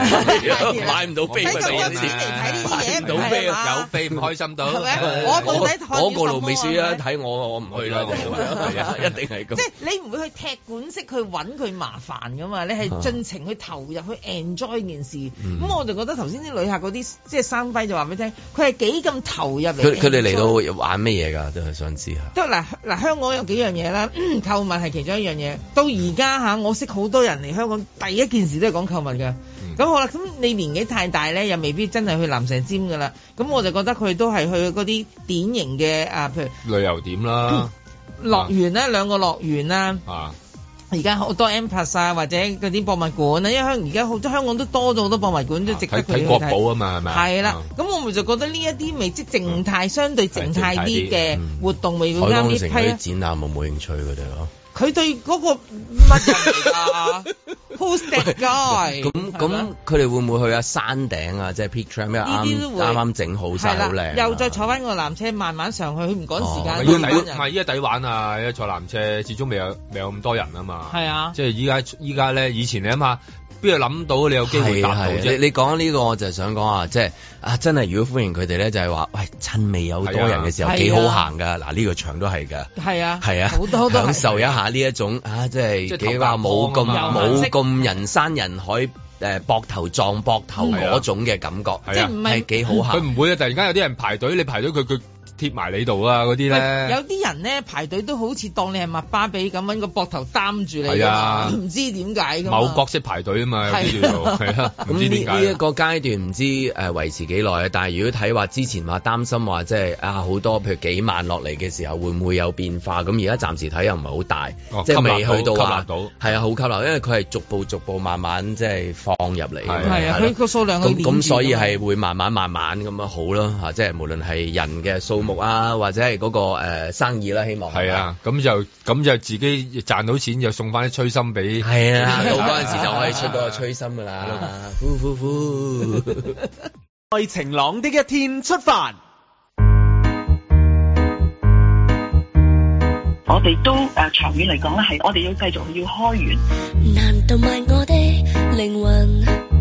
買唔到飛咪死嚟睇呢啲嘢，升唔有飛唔開心到。我我過路未輸啊！睇我我唔去啦， 一定係咁。即係你唔會去踢館式去揾佢麻煩㗎嘛？你係盡情去投入、啊、去 enjoy 件事。咁、嗯、我就覺得頭先啲旅客嗰啲即係生輝就話俾你聽，佢係幾咁投入佢哋嚟到玩。咩嘢噶？都係想知下。都嗱嗱香港有幾樣嘢啦， 購物係其中一樣嘢。到而家吓，我識好多人嚟香港，第一件事都係講購物㗎。咁、嗯、好啦，咁你年紀太大咧，又未必真係去蚺蛇尖㗎啦。咁我就覺得佢都係去嗰啲典型嘅啊，譬如旅遊點啦，嗯、樂園咧、啊、兩個樂園啦。啊而家好多 MPlus 啊，或者嗰啲博物館啊，因為香而家好多香港都多咗好多博物館，都值得佢睇。睇國寶啊嘛，係咪？係啦，咁、嗯、我咪就覺得呢一啲未知靜態相對靜態啲嘅活動，未會啱呢批。啲展覽，我冇興趣佢哋咯。佢對嗰個乜人嚟噶？Host guy，咁咁佢哋會唔會去啊？山頂啊，即係 picture 咩啱啱整好晒，好靚，又再坐翻個纜車慢慢上去，佢唔趕時間、哦。要抵，係依家抵玩啊！一坐纜車，始終未有未有咁多人啊嘛。係啊，即係依家依家咧，以前你諗下。邊度諗到你有機會達到、啊啊啊、你你講呢、這個我就係想講啊，即係啊真係如果歡迎佢哋咧，就係、是、話喂趁未有多人嘅時候幾、啊啊、好行噶。嗱、啊、呢、這個場都係噶。係啊係啊，好、啊、多享受一下呢一種啊，即、啊、係、就是、幾話冇咁冇咁人山人海誒，膊、呃、頭撞膊頭嗰種嘅感覺係啊，係幾、啊啊、好行。佢唔會啊！突然間有啲人排隊，你排隊，佢佢。貼埋你度啊嗰啲咧。有啲人咧排隊都好似當你係麥巴比咁，揾個膊頭擔住你，唔、啊、知點解。某角色排隊啊嘛，叫做係啊。咁、 啊、呢呢一、這個階段唔知誒、呃、維持幾耐、就是、啊？但係如果睇話之前話擔心話即係啊好多，譬如幾萬落嚟嘅時候會唔會有變化？咁而家暫時睇又唔係好大，哦、即係未去到。係、哦、啊，好吸納，因為佢係逐步逐步慢慢即係放入嚟。係啊，佢個、啊啊啊啊、數量咁咁所以係會慢慢慢慢咁樣好咯即係無論係人嘅數啊，或者係嗰個誒生意啦，希望係啊，咁就咁就自己賺到錢，就送翻啲吹心俾係啊，到嗰陣時就可以出到個吹心噶啦，呼呼呼，在晴朗的一天出發。我哋都誒長遠嚟講咧，係我哋要繼續要開源，難道賣我哋靈魂？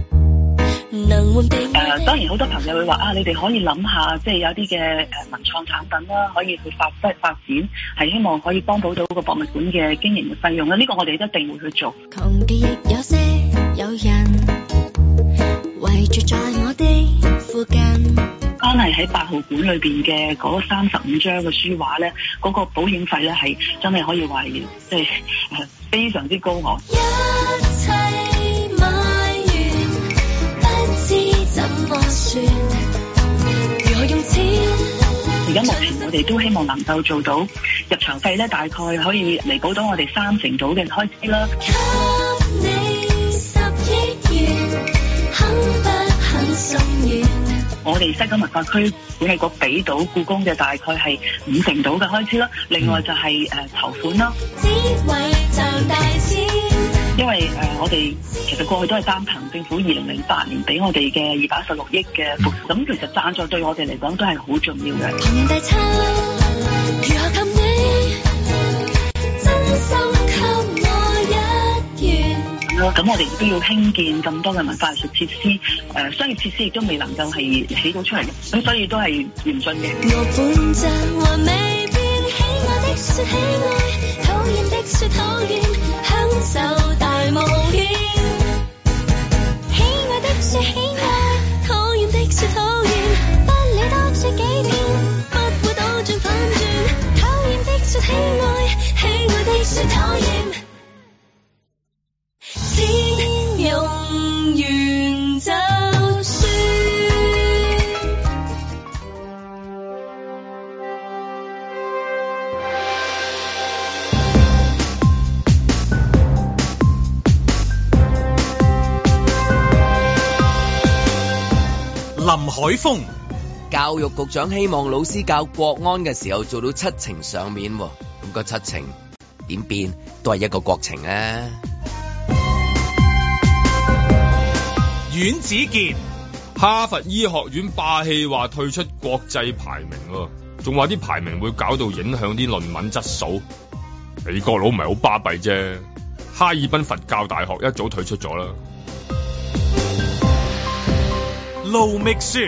誒、呃，當然好多朋友會話啊，你哋可以諗下，即係有啲嘅誒文創產品啦，可以去發揮發展，係希望可以幫補到到個博物館嘅經營費用啦。呢、這個我哋一定會去做。窮極亦有些人圍住在我的附近。係喺八號館裏邊嘅嗰三十五張嘅書畫咧，嗰、那個保險費咧係真係可以話，即、哎、係、呃、非常之高昂。一切而家目前我哋都希望能夠做到入場費咧，大概可以彌補到我哋三成度嘅開支啦。我哋西九文化區管理局俾到故宮嘅大概係五成度嘅開支啦，另外就係誒籌款啦。只為大因為誒、呃，我哋其實過去都係單憑政府二零零八年俾我哋嘅二百一十六億嘅，咁其實贊助對我哋嚟講都係好重要嘅。咁我哋亦都、嗯、要興建咁多嘅文化藝術設施，誒、呃，商業設施亦都未能夠係起到出嚟嘅，咁所以都係嚴峻嘅。我本無怨。喜愛的說喜愛，討厭的說討厭，不理多說幾遍，不會倒轉反轉。討厭的說喜愛，喜愛的說討厭。林海峰，教育局長希望老師教國安嘅時候做到七情上面，咁個七情點變都係一個國情啊。阮子健，哈佛醫學院霸氣話退出國際排名，仲話啲排名會搞到影響啲論文質素。美國佬唔係好巴閉啫，哈爾濱佛教大學一早退出咗啦。路未說，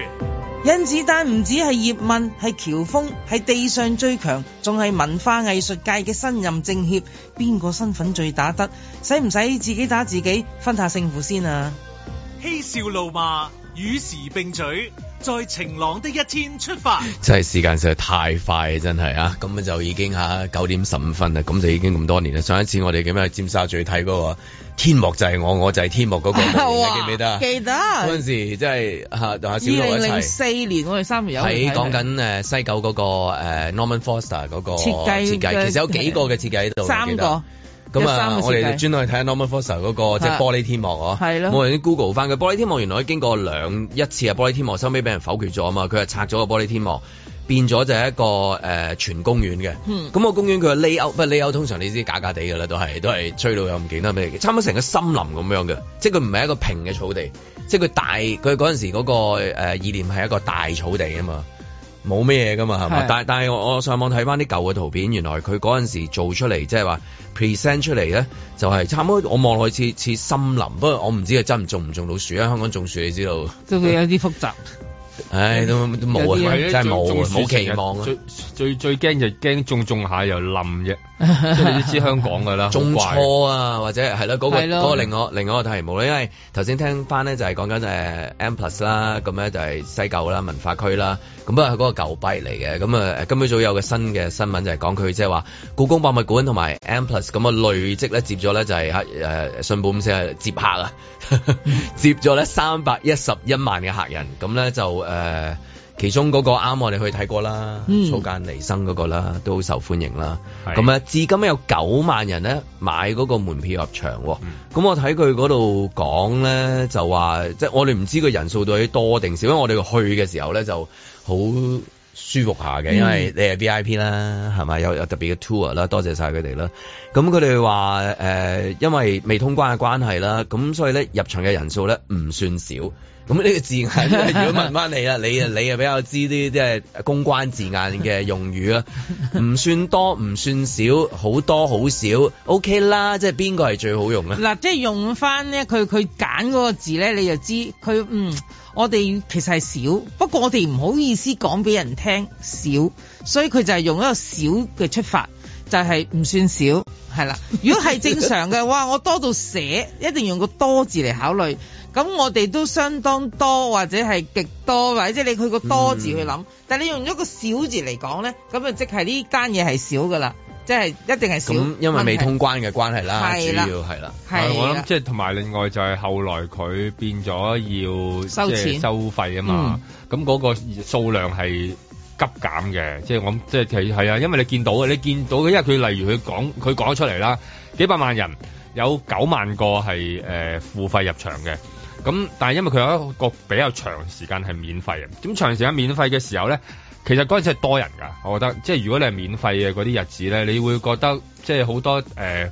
甄子丹唔止係葉問，係喬峰，係地上最強，仲係文化藝術界嘅新任政協，邊個身份最打得？使唔使自己打自己？分下勝負先啊！嬉笑怒罵，與時並嘴，在晴朗的一天出發。真係時間實在太快啊！真係啊，咁就已經吓九點十五分啦，咁就已經咁多年啦。上一次我哋咁樣去尖沙咀睇嗰個。天幕就係我，我就係天幕嗰個，記唔記得啊？記得嗰陣時真，即係嚇同阿小六一齊。二零零四年我三有，我哋三月有喺講緊誒西九嗰、嗰個、呃、Norman Foster 嗰、嗰個設計設計其實有幾個嘅設計喺度。三個。咁啊，我哋專登去睇下 Norman Foster 嗰、嗰個係即係玻璃天幕哦、啊。係咯。我哋 Google 翻佢玻，玻璃天幕，原來經過兩一次啊玻璃天幕，收尾俾人否決咗啊嘛，佢係拆咗個玻璃天幕。變咗就係一個誒、呃、全公園嘅，咁、嗯、個、嗯、公園佢話 layout 不 layout 通常你知假假地嘅啦，都係都係吹到又唔咁得咩嘅。差唔多成個森林咁樣嘅，即係佢唔係一個平嘅草地，即係佢大佢嗰陣時嗰、那個誒、呃、意念係一個大草地啊嘛，冇咩嘢噶嘛係嘛？是的是的，但係但係我我上網睇翻啲舊嘅圖片，原來佢嗰陣時做出嚟即係話 present 出嚟咧，就係、是、差唔多我望落去似似森林，不過我唔知係真種唔種到樹啊，香港種樹你知道都會有啲複雜、嗯。嗯唉，都都冇啊，真係冇啊，冇期望。最最最驚就驚種種下又冧啫，即係你都知香港噶啦，種錯啊或者係啦嗰個嗰個另外另外一個題目啦，因為頭先聽翻咧就係講緊誒 M plus 啦，咁咧就係西九啦，文化區啦。咁、嗯、啊，係、那、嗰個舊幣嚟嘅。咁、嗯、啊，今日早有個新嘅新聞就係講佢，即係話故宮博物館同埋 M+ 咁啊累積咧接咗咧就係嚇誒信報咁先係接客啊， 接咗咧三百一十一萬嘅客人。咁咧就誒其中嗰個啱我哋去睇過啦，草間離生嗰個啦，都好受歡迎啦。咁啊、嗯，至今有九萬人咧買嗰個門票入場，哦。咁、嗯嗯、我睇佢嗰度講咧就話，即、就、係、是、我哋唔知個人數到底多定少，因為我哋去嘅時候咧就。好舒服下嘅，因為你係 VIP 啦，係咪有有特別嘅 tour 啦？多謝晒佢哋啦。咁佢哋話誒，因為未通關嘅關係啦，咁所以咧入場嘅人數咧唔算少。咁呢個字眼， 如果問翻你啦，你啊你啊比較知啲即係公關字眼嘅用語啦，唔算多，唔算少，好多好少，OK 啦，即係邊個係最好用咧？嗱、啊，即係用翻咧，佢佢揀嗰個字咧，你就知佢嗯，我哋其實係少，不過我哋唔好意思講俾人聽少，所以佢就係用一個少嘅出發，就係、是、唔算少，係啦。如果係正常嘅，哇， 我多到寫，一定用一個多字嚟考慮。咁我哋都相當多，或者係極多，或者你佢個多字去諗，嗯，但係你用一個少字嚟講咧，咁就即係呢間嘢係少噶啦，即係一定係少。咁因為未通關嘅關係啦，係，主要係啦，係我諗即係同埋另外就係後來佢變咗要收，收錢、收費啊嘛，咁嗰個數量係急減嘅，即係我即係係啊，因為你見到嘅，你見到因為佢例如佢講佢講出嚟啦，幾百萬人有九萬個係、呃、付費入場嘅。咁，但係因為佢有一個比較長時間係免費嘅。咁長時間免費嘅時候咧，其實嗰陣時係多人㗎，我覺得，即係如果你係免費嘅嗰啲日子咧，你會覺得即係好多誒。呃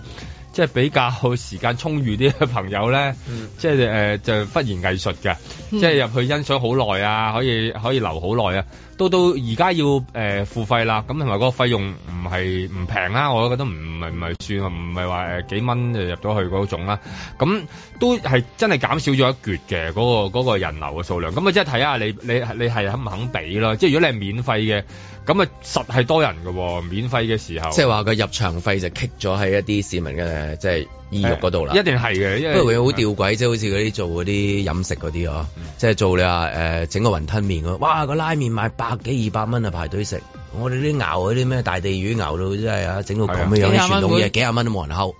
即係比較好時間充裕啲嘅朋友咧、嗯，即係誒、呃、就忽然藝術嘅，即係入去欣賞好耐啊，可以可以留好耐啊。到到而家要誒、呃、付費啦，咁同埋個費用唔係唔平啦。我覺得唔係係唔係算啊，唔係話誒幾蚊就入咗去嗰種啦。咁都係真係減少咗一橛嘅嗰個嗰、嗰個人流嘅數量。咁、嗯、啊，即係睇下你你你係肯唔肯俾咯？即係如果你係免費嘅。咁啊，實係多人嘅，免費嘅時候，即係話個入場費就棘咗喺一啲市民嘅、嗯、即係意欲嗰度啦，一定係嘅，因為佢會好吊詭、嗯嗯，即係好似嗰啲做嗰啲飲食嗰啲呵，即係做你話誒整個雲吞麵咁，哇個拉麵賣百幾二百蚊啊排隊食，我哋啲熬嗰啲咩大地魚熬到真係啊，整到咁嘅樣，啲傳統嘢幾廿蚊都冇人睺。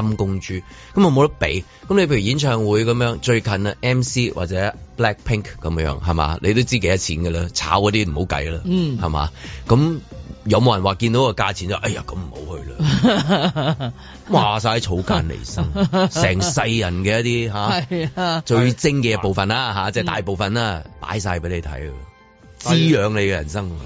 陰公豬，咁我冇得比。咁你譬如演唱會咁樣，最近啊，MC 或者 Black Pink 咁樣，係嘛？你都知幾多錢噶啦？炒嗰啲唔好計啦，係、嗯、嘛？咁有冇人話見到個價錢就，哎呀，咁唔好去啦。話 晒草間彌生，成 世人嘅一啲吓、 啊啊，最精嘅部分啦吓，即、啊、係、就是、大部分啦、啊，擺晒俾你睇，滋養你嘅人生。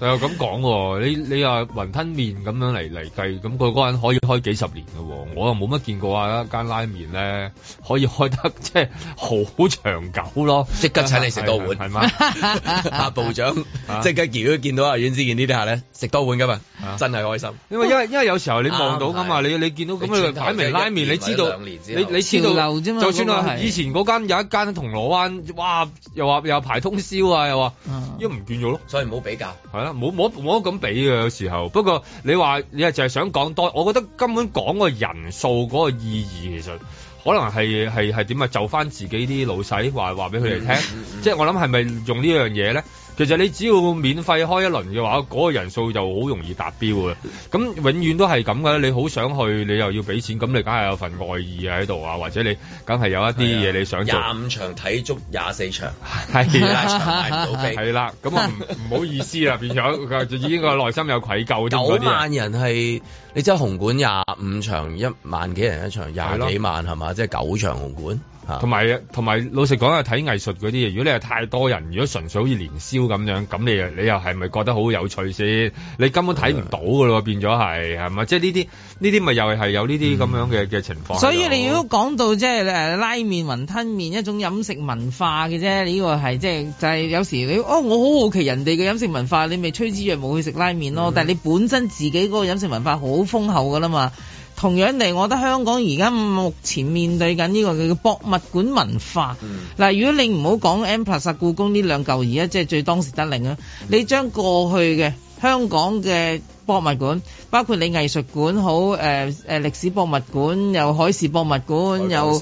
又咁講，你你話雲吞麵咁樣嚟嚟計，咁佢嗰人可以開幾十年嘅喎，我又冇乜見過啊間拉麵咧可以開得即係好長久咯，即刻請你食多碗，係 嘛、啊？阿、啊 啊、部長，即刻如果見到阿袁子健呢啲客咧，食多碗㗎嘛、啊，真係開心。因為因為因為有時候你望到㗎嘛，啊、你你見到咁樣擺明拉麵，你知道你你知道就算啦以前嗰間有一間銅鑼灣，哇，又話又，又排通宵啊，又話、啊，因為唔見咗咯，所以唔好比較， 冇冇冇咁俾嘅有時候，不過你話你係就係想講多，我覺得根本講個人數嗰個意義，其實可能係係係點啊？就翻自己啲老細話話俾佢哋聽， 即係我諗係咪用呢樣嘢咧？其實你只要免費開一輪嘅話，嗰、嗰個人數就好容易達標嘅。咁永遠都係咁嘅，你好想去，你又要俾錢，咁你梗係有份愛意喺度啊，或者你梗係有一啲嘢你想做。廿五、啊、場睇足廿四場，係啦，係 啦。咁啊唔好意思啊，變 咗已經個內心有愧疚啲嗰啲。九萬人係，你即係紅館廿五場一萬幾人一場，廿幾萬係嘛？即係九場紅館。同埋，同埋老實講啊，睇藝術嗰啲嘢，如果你係太多人，如果純粹好似年宵咁樣，咁你你又係咪覺得好有趣先？你根本睇唔到噶咯，變咗係係咪？即係呢啲呢啲咪又係有呢啲咁樣嘅嘅、嗯、情況。所以你如果講到即係、誒、拉麵、雲吞麵一種飲食文化嘅啫，你、這、呢個係即係就係、是就是、有時你哦，我好好奇人哋嘅飲食文化，你咪趨之若鶩去食拉麵咯。嗯、但係你本身自己個飲食文化好豐厚噶啦嘛。同樣地，我覺得香港而家目前面對緊呢、這個叫博物館文化。嗱、嗯，如果你唔好講 M plus 啊、故宮呢兩嚿而家，即係最當時得令啊、嗯。你將過去嘅香港嘅博物館，包括你藝術館好，呃、歷史博物館有海事博物館有……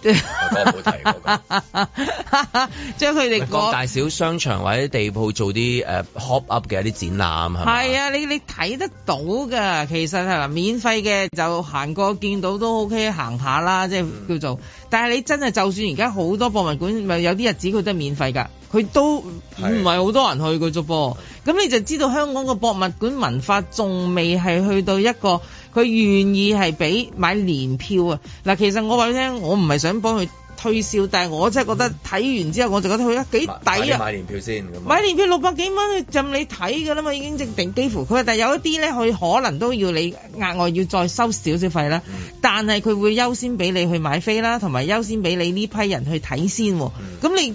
即係我冇提過即係將佢哋各大小商場或者地鋪做啲誒、uh, hop up 嘅一啲展覽，係啊，你你睇得到噶。其實係啦，免費嘅就行過見到都 OK，行一下啦，即係叫做。嗯、但係你真係就算而家好多博物館，咪有啲日子佢都係免費㗎，佢都唔係好多人去嘅啫噃。咁你就知道香港個博物館文化仲未係去到一個。佢願意係俾買年票啊！嗱，其實我話俾你聽，我唔係想幫佢推銷，但係我真係覺得睇完之後、嗯，我就覺得佢咧幾抵啊！買，買，買年票先，買年票六百幾蚊就你睇嘅啦嘛，已經正定幾乎。佢話，但係有一啲咧，佢可能都要你額外要再收少少費啦、嗯。但係佢會優先俾你去買飛啦，同埋優先俾你呢批人去睇先喎。咁、嗯、你。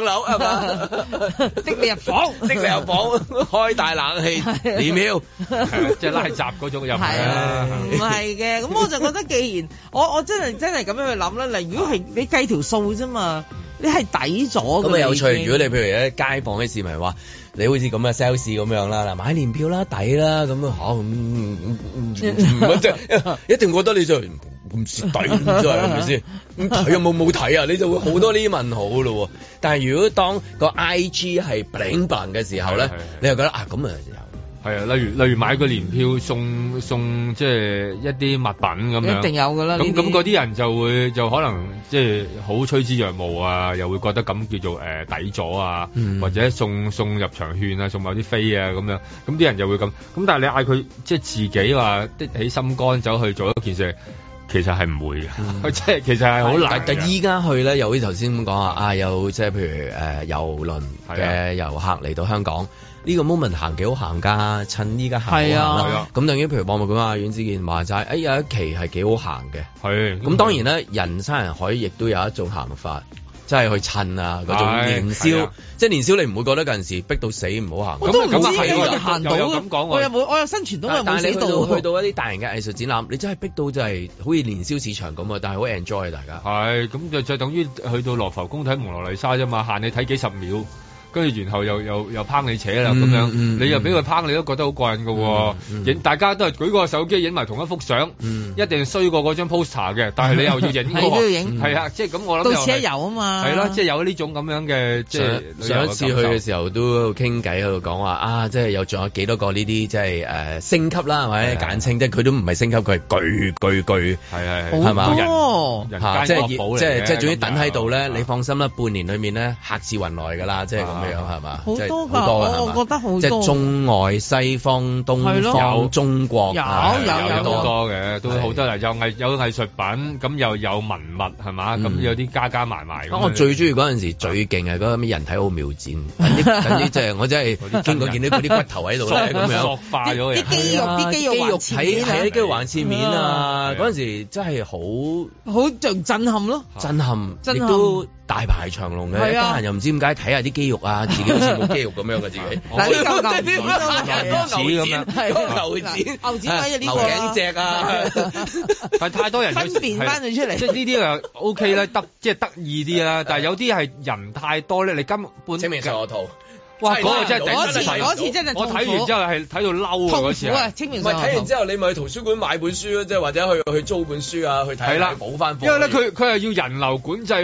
上 樓係嘛，即你 入房，即 你入房，開大冷氣，年票，即拉閘嗰種又係啊，唔係嘅，咁 我就覺得，既然我我真係真係咁樣去諗啦，嗱，如果係你計條數啫嘛，你係抵咗咁有趣。如果你譬如街坊嘅市民話，你好似咁嘅 sales 咁樣啦，嗱，買年票啦，抵啦，咁吓，咁、 嗯嗯嗯嗯嗯、一定覺得你最。唔蝕底咁滯，係咪先咁睇有冇冇睇啊？你就會好多呢啲問號咯。但係如果當個 I G 係 Bling Bling 嘅時候咧，你又覺得啊咁啊，有係啊。例如例如買個年票送、嗯、送，即係、就是、一啲物品咁樣一定有㗎啦。咁咁嗰啲人就會就可能即係、就是、好趨之若鶩啊，又會覺得咁叫做誒、呃、抵咗啊、嗯，或者送送入場券啊，送埋啲飛啊咁樣。咁、嗯、啲人就會咁咁，但係你嗌佢即係自己話的起心肝走去做一件事。其實係唔會嘅，即、嗯、係其實係好難。但係依家去咧、啊，又好似頭先咁講啊，有即係譬如誒遊、呃、輪嘅遊客嚟到香港，呢、啊這個 moment 行幾好行㗎，趁依家行。係啊，咁、啊、等於譬如博物館啊，阮子健話齋，哎，有一期係幾好行嘅。係。咁當然咧，人山人海亦都有一種行法。真係去襯啊！嗰種年宵、啊，即係年宵，你唔會覺得嗰陣時逼到死唔好行。我都係行到咁講，我有冇我有生存到，但係你去到去到一啲大型嘅藝術展覽，你真係逼到就係好似年宵市場咁啊！但係好 enjoy 大家。係，咁就就等於去到羅浮宮睇蒙羅麗莎啫嘛，限你睇幾十秒。跟住然後又又又抨你扯啦咁樣、嗯嗯，你又俾佢抨，你都覺得好過癮嘅喎。影、嗯嗯、大家都係舉個手機影埋同一幅相、嗯，一定衰過嗰張 poster 嘅。但係你又要影、那個，係 都要影，係、嗯就是就是就是、啊，即係咁我諗又都似一遊啊嘛。係咯，即係有呢種咁樣嘅。即係上一次去嘅時候都傾偈喺度講話啊，即係有仲有幾多個呢啲即係誒、呃、升級啦，係咪、啊？簡稱即係佢都唔係升級，佢係巨巨巨，係係嘛？哦、啊，人，人、啊、國寶嚟嘅、即係即係總之等喺度咧，你放心啦，半年裡面咧客至雲來㗎啦，即係係啊，係嘛，好多噶，我覺得好，即係中外西方、東方、中國，有有有好多嘅，都好多，有藝有藝術品，咁又有文物，係嘛，咁、嗯、有啲加加埋埋。我最中意嗰陣時最勁係嗰個咩人體奧妙展，總之係我真係經過見到嗰啲骨頭喺度咁樣，塑化咗啲肌肉啲肌肉，肌肉睇睇肌肉橫切面啊！嗰陣時真係好，好像震撼咯，震撼，震都大排長龍嘅，當、啊、人又唔知點解睇下啲肌肉啊，自己好似冇肌肉咁樣嘅、啊、自己，嗱啲教教啲牛咁樣，係牛子牛子雞啊呢個，啊係、啊啊啊啊、 太多人分辨翻佢出嚟，即係呢啲啊 OK 啦， 得即係得意啲啦，但係有啲係人太多咧，你根本清明上河圖哇嗰、嗰個真係頂得埋，嗰次真係我睇完之後係睇到嬲啊嗰次，唔係睇完之後你咪去圖書館買本書即係或者去去租本書啊去睇啦補翻，因為佢佢係要人流管制。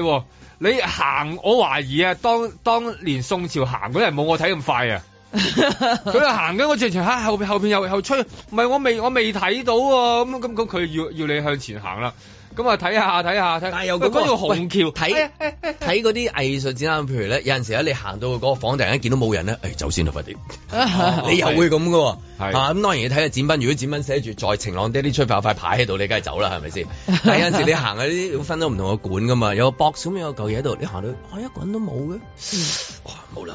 你行，我懷疑啊！當當年宋朝行嗰啲人冇我睇咁快啊！佢 行緊，我全程吓後邊，後邊又又吹，唔係我未我未睇到啊。咁咁咁，佢要要你向前行啦、啊。咁啊、那個，睇下睇下睇下，但係有個嗰個紅橋，睇睇嗰啲藝術展覽，譬如咧，有陣時咧，你行到嗰個房突然間見到冇人咧，誒、哎，先走先啦，快啲 啊！你又會咁噶喎，啊，咁當然你睇下展品。如果展品寫住在晴朗的一天出發快，塊牌喺度，你梗係走啦，係咪先？ 但有陣時候你行喺啲分到唔同嘅館噶嘛，有個博小有個舊嘢喺度，你行到，我、哎、一個人都冇嘅，哇、 啊，冇啦！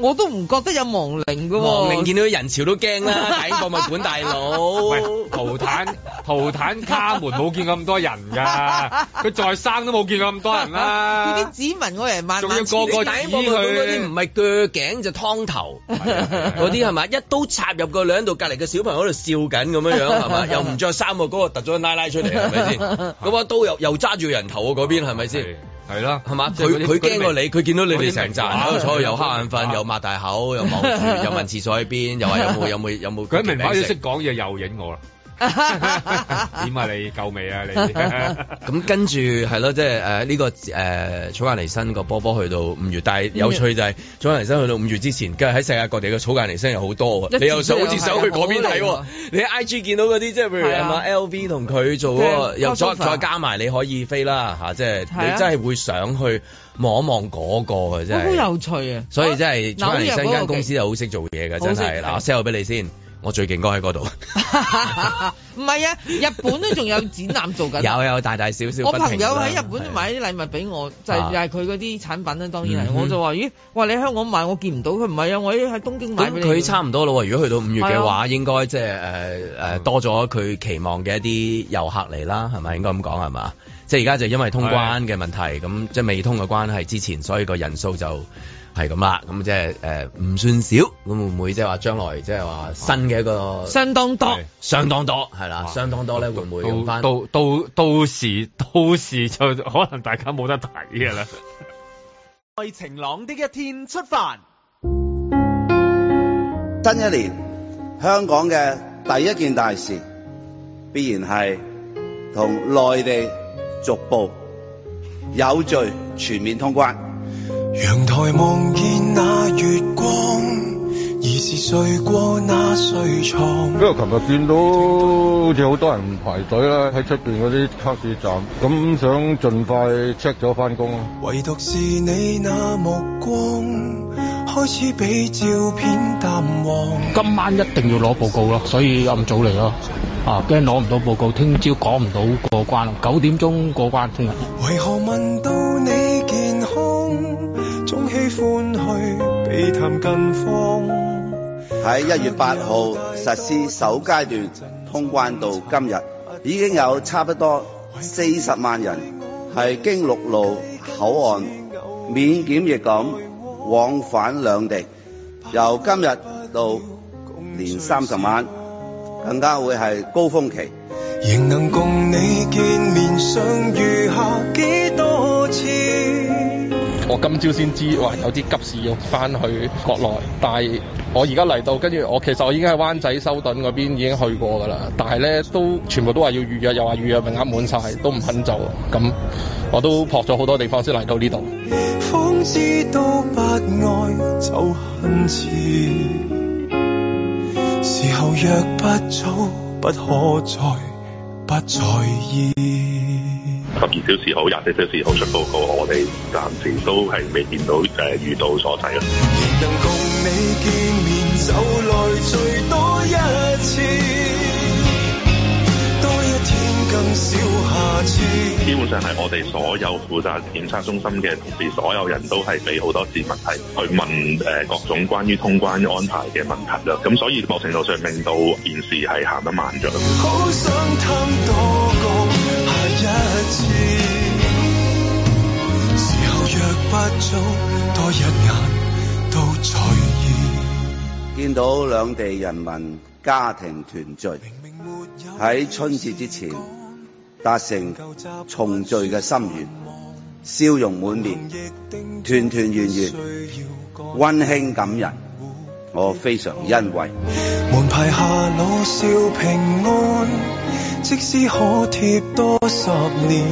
我都唔覺得有亡靈㗎喎，啊，亡靈見到人潮都驚啦！睇博物館大佬，圖坦圖坦卡門冇見咁多人㗎，佢在生都冇見咁多人啦，啊！佢啲指紋我嚟仲要個個指佢，嗰啲唔係腳頸就是，湯頭，嗰啲係咪？一刀插入個兩度隔離嘅小朋友喺度笑緊咁樣樣係嘛？又唔著衫個嗰個突咗個拉拉出嚟係咪先？咁，嗰個刀又又揸住人頭嗰邊係咪先？係啦，係嘛？佢佢經過你，佢見到你哋成扎人喺度坐，又瞌眼瞓，又 擘大口，又望住，又 問廁所喺邊，又話有冇有冇有冇，佢明擺住識講嘢，又影我啦。點 啊你！救啊你夠味啊！你 咁 跟住係咯，即係誒呢個誒草間彌生個波波去到五月，但係有趣就係、嗯、草間彌生去到五月之前，跟住喺世界各地嘅草間彌生又好多，直直你又想好似想去嗰邊睇，你 I G 見到嗰啲即係譬如 L V 同佢做、啊，又再，再加埋你可以飛啦吓，即係、啊你，就是啊、你真係會想去望一望嗰、那個真係，好有趣啊！所以真係、啊、草間彌生間公司又好識做嘢㗎、啊，真係嗱，我 sell 俾你先。我最勁，哥喺嗰度。唔係啊，日本都仲有展覽做緊。 有有，大大小小。我朋友喺日本買啲禮物俾我，啊、就係佢嗰啲產品啦。當然係，我就話咦，話你喺香港買我見唔到，佢唔係啊，我喺喺東京買俾你。咁佢差唔多啦喎，如果去到五月嘅話、啊應就是呃，應該即係誒多咗佢期望嘅一啲遊客嚟啦，係咪應該咁講係嘛？即係而家就因為通關嘅問題，咁、啊、即係未通嘅關係之前，所以個人數就。係咁啦，咁即係誒，唔、呃、算少，咁會唔會即係話將來即係話新嘅一個相當多，相當多係啦，相當多咧、啊，會唔會翻到到到時到時就可能大家冇得睇嘅啦。在晴朗的一天出發，新一年香港嘅第一件大事，必然係同內地逐步有序全面通關。陽台望見那月光，而是睡過那睡床。因為琴日見到好似好多人唔排隊啦，喺出邊嗰啲測試站，咁想盡快 check 咗翻工啊。唯獨是你那目光，開始比照片淡黃。今晚一定要攞報告咯，所以咁早嚟咯，啊，驚攞唔到報告，聽朝趕唔到過關，九點鐘過關聽。為何問到你健康？喺一月八號實施首階段通關到今日，已經有差不多四十萬人係經陸路口岸免檢疫咁往返兩地。由今日到年三十晚，更加會係高峰期。仍能共你見面，相遇下幾多次？我今朝先知話有啲急事要返去國內，但係我而家嚟到。跟住我其實我已經喺灣仔修頓嗰邊已經去過㗎喇。但係呢都全部都話要預約，又話預約名額滿晒，都唔肯走。噉我都撲咗好多地方先嚟到呢度。「方知都不愛，就恨遲。」時候若不早，不可再，不在意。十二小時後，廿四小時後出報告，我哋暫時都係未見到、呃、遇到阻滯。基本上係我哋所有負責檢測中心嘅同事，所有人都係俾好多字問題去問、呃、各種關於通關安排嘅問題。咁所以某程度上令到件事係行得慢咗。見到兩地人民家庭團聚，喺春節之前達成重聚嘅心願，笑容滿面，團團圓圓，溫馨感人。我非常欣慰，門牌下老少平安，即使可貼多十年，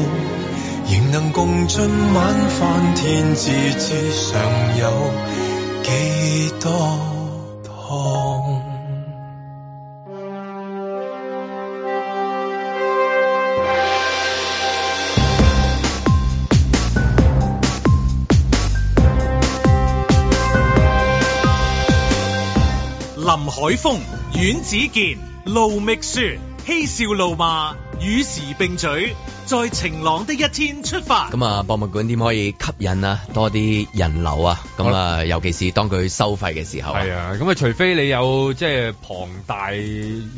仍能共進晚飯，天知尚有幾多趟。林海峰、阮子健、盧覓雪，嬉笑怒罵，與時並舉，在晴朗的一天出發。咁啊，博物館點可以吸引啊多啲人流啊？咁、嗯、啊，尤其是當佢收費嘅時候。係啊，咁啊，除非你有即係龐大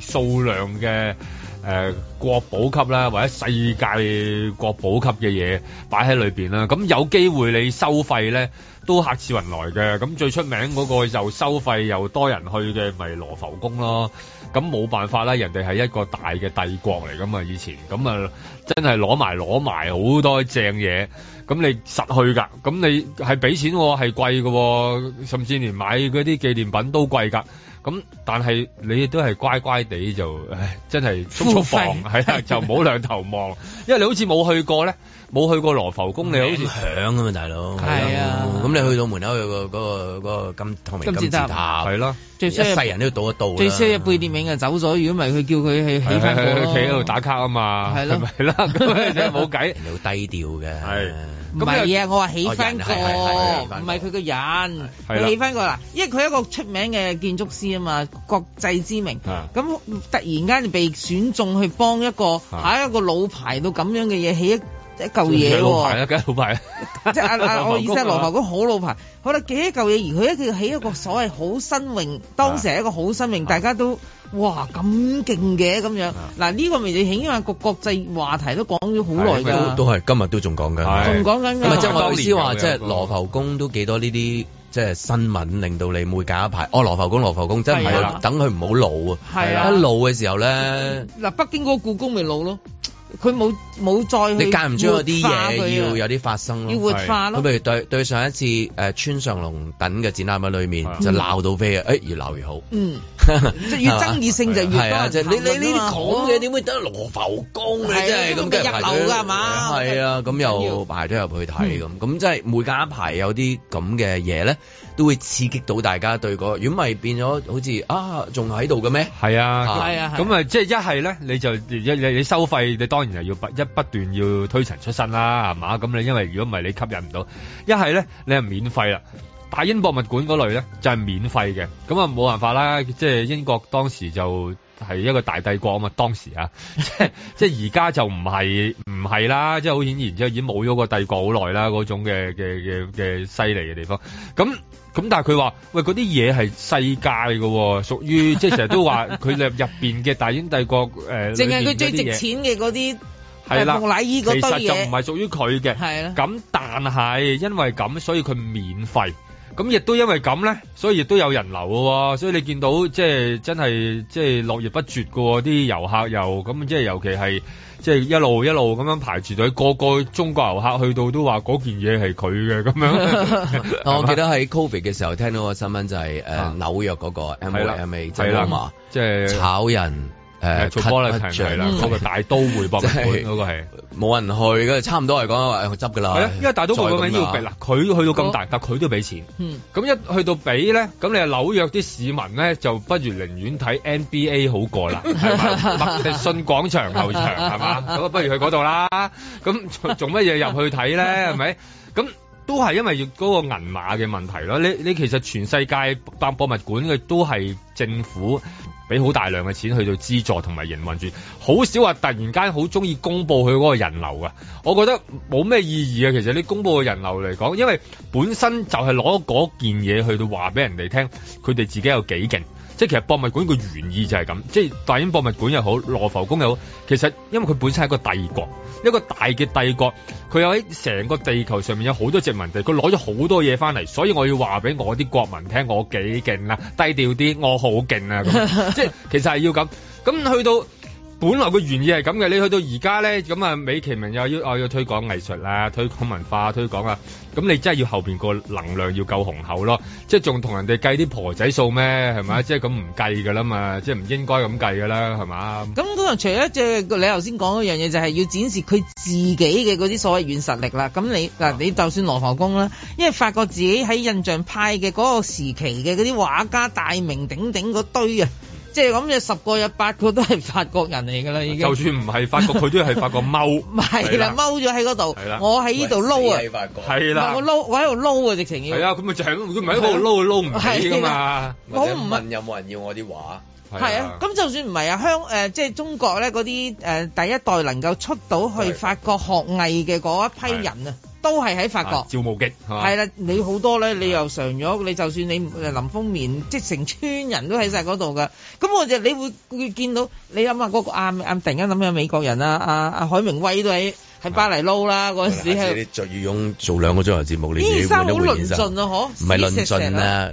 數量嘅誒、呃、國寶級啦，或者世界國寶級嘅嘢擺喺裏邊啦。咁有機會你收費咧？都客似雲來嘅，咁最出名嗰個又收費又多人去嘅，咪羅浮宮咯。咁冇辦法啦，人哋係一個大嘅帝國嚟噶嘛，以前咁啊，真係攞埋攞埋好多正嘢。咁你實去噶，咁你係俾錢喎，係貴噶，甚至連買嗰啲紀念品都貴噶。咁，但係你亦都係乖乖地就，唉，真係速速放，係啦，就唔好兩頭望，因為你好似冇去過咧，冇去過羅浮宮，你好似響啊嘛，大佬，係啊，咁你去到門口有個嗰個嗰個金銅明金字塔，係咯，最衰一世人都要倒一倒，最衰背列名啊走咗，如果唔係佢叫佢起起翻佢，企喺度打卡啊嘛，係咯，係啦，咁啊真係冇計，人哋好低調嘅，係。咁樣嘢我話起翻個，唔係佢個人，佢起翻個啦。因為佢一個出名嘅建築師啊嘛，國際知名。咁突然間就被選中去幫一個，下一個老牌到咁樣嘅嘢，起一一嚿嘢喎。老牌啊，梗係老，啊啊 啊、我 老牌。即係我意思係羅浮好老牌。好啦，幾嚿嘢，而佢起一個所謂好新穎，當時係一個好新穎，大家都。哇咁勁嘅咁樣，嗱呢個咪就起碼個國際話題都講咗好耐㗎，都係今日都仲講緊，仲講緊㗎。唔係即係我先話，即係羅浮宮都幾多呢啲即係新聞，令到你每隔一排。哦，羅浮宮羅浮宮，真係等佢唔好老啊！係啊，一老嘅時候咧，嗱北京嗰個故宮咪老咯。佢冇冇再，你間唔中有啲嘢要有啲發生咯，要活化咯。咁譬如對對上一次誒、呃、村上隆等嘅展覽嘅裏面就鬧到飛啊！誒、哎、越鬧越好，嗯，即係越爭議性就係越多，即係你你呢啲講嘅點會得羅浮宮你真係咁嘅排隊係嘛？係啊，咁又排咗入去睇咁，咁即係每一段一段間一排有啲咁嘅嘢咧。都會刺激到大家對嗰，如果唔係變咗好似啊，仲喺度嘅咩？係啊，係、嗯、啊，咁啊，即係一係咧，你就一你你收費，你當然係要不一不斷要推陳出新啦，係嘛？咁你因為如果唔係你吸引唔到，一係咧你係免費啦，大英博物館嗰類咧就係免費嘅，咁啊冇辦法啦，即係英國當時就。係一個大帝國啊嘛，當時啊，即即而家就唔係唔係啦，即好顯然，之後已經冇咗個帝國好耐啦，嗰種嘅嘅嘅嘅犀利嘅地方。咁咁但係佢話喂，嗰啲嘢係世界嘅，哦，屬於 即成日都話佢入入邊嘅大英帝國誒，淨係佢最值錢嘅嗰啲係啦，木乃伊嗰堆嘢其實就唔係屬於佢嘅。係啦，咁但係因為咁，所以佢免費。咁亦都因為咁咧，所以亦都有人流喎，所以你見到即係真係即係絡繹不絕嘅喎，啲遊客又咁即係尤其係即係一路一路咁樣排住隊，個個中國遊客去到都話嗰件嘢係佢嘅咁樣。 但我記得喺 Covid 嘅時候聽到個新聞就係、是、誒、呃啊、紐約嗰個 MoMA 即係炒人。誒、嗯，做玻璃係啦，吉吉那個大都會博嗰個係冇人去嘅，差唔多係講執噶啦。係、哎、啊，因為大都會咁緊要，嗱佢去到咁大，哦、但佢都俾錢。咁、嗯、一去到俾咧，咁你紐約啲市民咧，就不如寧願睇 NBA 好過啦，麥迪遜廣場球場係嘛，咁不如去嗰度啦。咁做乜嘢入去睇咧？係咪？咁都係因為要嗰個銀碼嘅問題咯。你你其實全世界辦博物館嘅都係政府。俾好大量嘅錢去到資助同埋營運住，好少話突然間好中意公布佢嗰個人流嘅。我覺得冇咩意義啊，其實你公布嘅人流嚟講，因為本身就係攞嗰件嘢去到話俾人哋聽，佢哋自己有幾勁。即係其實博物館個原意就係咁，即係大英博物館又好，羅浮宮又好。其實因為佢本身係一個帝國，一個大嘅帝國，佢又喺成個地球上面有好多殖民地，佢攞咗好多嘢翻嚟，所以我要話俾我啲國民聽，我幾勁呀，低調啲，我好勁啊！ 即係其實係要咁，咁去到。本來個原意係咁嘅，你去到而家咧，咁啊，美其名又要我要推廣藝術啦，推廣文化，推廣啊，咁你真係要後邊個能量要夠雄厚咯，即係仲同人哋計啲婆仔數咩，係咪、嗯？即係咁唔計噶啦嘛，即係唔應該咁計噶啦，係嘛。咁嗰個除咗即係你頭先講嗰樣嘢，就係、是、要展示佢自己嘅嗰啲所謂軟實力啦。咁你嗱，你就算羅浮宮啦，因為發覺自己喺印象派嘅嗰個時期嘅嗰啲畫家大名鼎鼎嗰堆啊。即係咁，有十個有八個都係法國人嚟㗎啦，已經。就算唔係法國，佢都係法國踎。係 啦，踎咗喺嗰度。係啦，我喺呢度撈啊，法國，係啦，我撈，我喺度撈啊，直情要。係啊，咁咪就係，佢唔係喺度撈，撈唔起㗎嘛。我唔問有冇人要我啲畫。係啊，咁就算唔係啊，香誒，即係中國咧嗰啲誒第一代能夠出到去法國學藝嘅嗰一批人啊。都係喺法國，趙無極係啦，你好多咧，你又常咗，你就算你林風眠，即係成村人都喺晒嗰度噶。咁我就你會會見到，你諗下嗰個啱啱！突然間諗起美國人啊啊啊！海明威都喺。喺巴黎撈啦嗰陣時係，你着羽絨做兩個鐘頭節目，你羽絨都換唔盡啊？嗬，唔係論盡啊，吃吃吃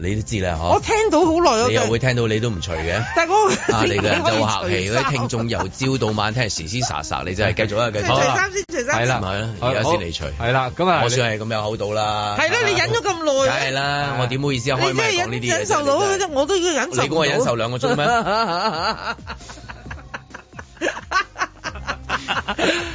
你都知啦，嗬。我聽到好耐，你又會聽到你都唔除嘅。大哥，我啊，你個人就好客氣嗰啲聽眾，由朝到晚聽時時殺殺， 你真係繼續啊，繼續。除衫先，除衫先，係啦，而家先嚟除。係啦，咁啊，我算係咁有厚道啦。係啦，你忍咗咁耐，係啦，我點好意思開咪講呢啲嘢忍受到、就是、我都已經忍受到。你估我忍受兩個鐘咩？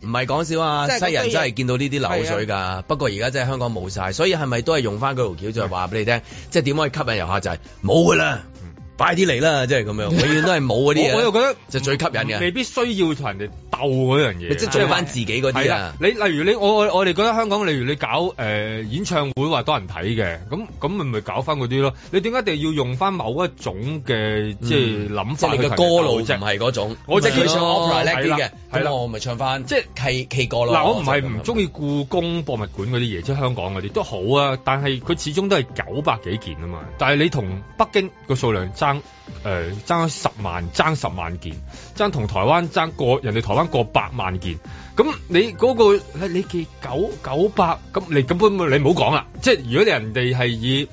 唔係講笑啊！西人真係見到呢啲流水㗎，不過而家真係香港冇晒，所以係咪都係用翻嗰條橋就話俾你聽，即係點可以吸引遊客就係冇㗎啦，快啲嚟啦！即係咁樣，永遠都係冇嗰啲嘢。我又覺得就最吸引嘅，未必需要同人哋。.舊嗰樣嘢，即係追翻自己嗰啲啊，啊，啊！你例如你，我我哋覺得香港，例如你搞誒、呃、演唱會，話多人睇嘅，咁咁咪咪搞翻嗰啲咯。你點解一定要用翻某一種嘅即係諗法，嗯？你嘅歌路唔係嗰種，我，即唱 opera、哦、我就偏向 opera 叻啲嘅，咁我咪唱翻即係奇奇歌咯。嗱，我唔係唔中意故宮博物館嗰啲嘢，即係香港嗰啲都好啊，但係佢始終都係九百幾件啊嘛。但係你同北京個數量爭誒爭十萬，爭十萬件，爭同台灣爭過人哋台灣。過百萬件，咁你嗰、那個你記九九百，咁你咁本你唔好講啦即係如果你人哋係以。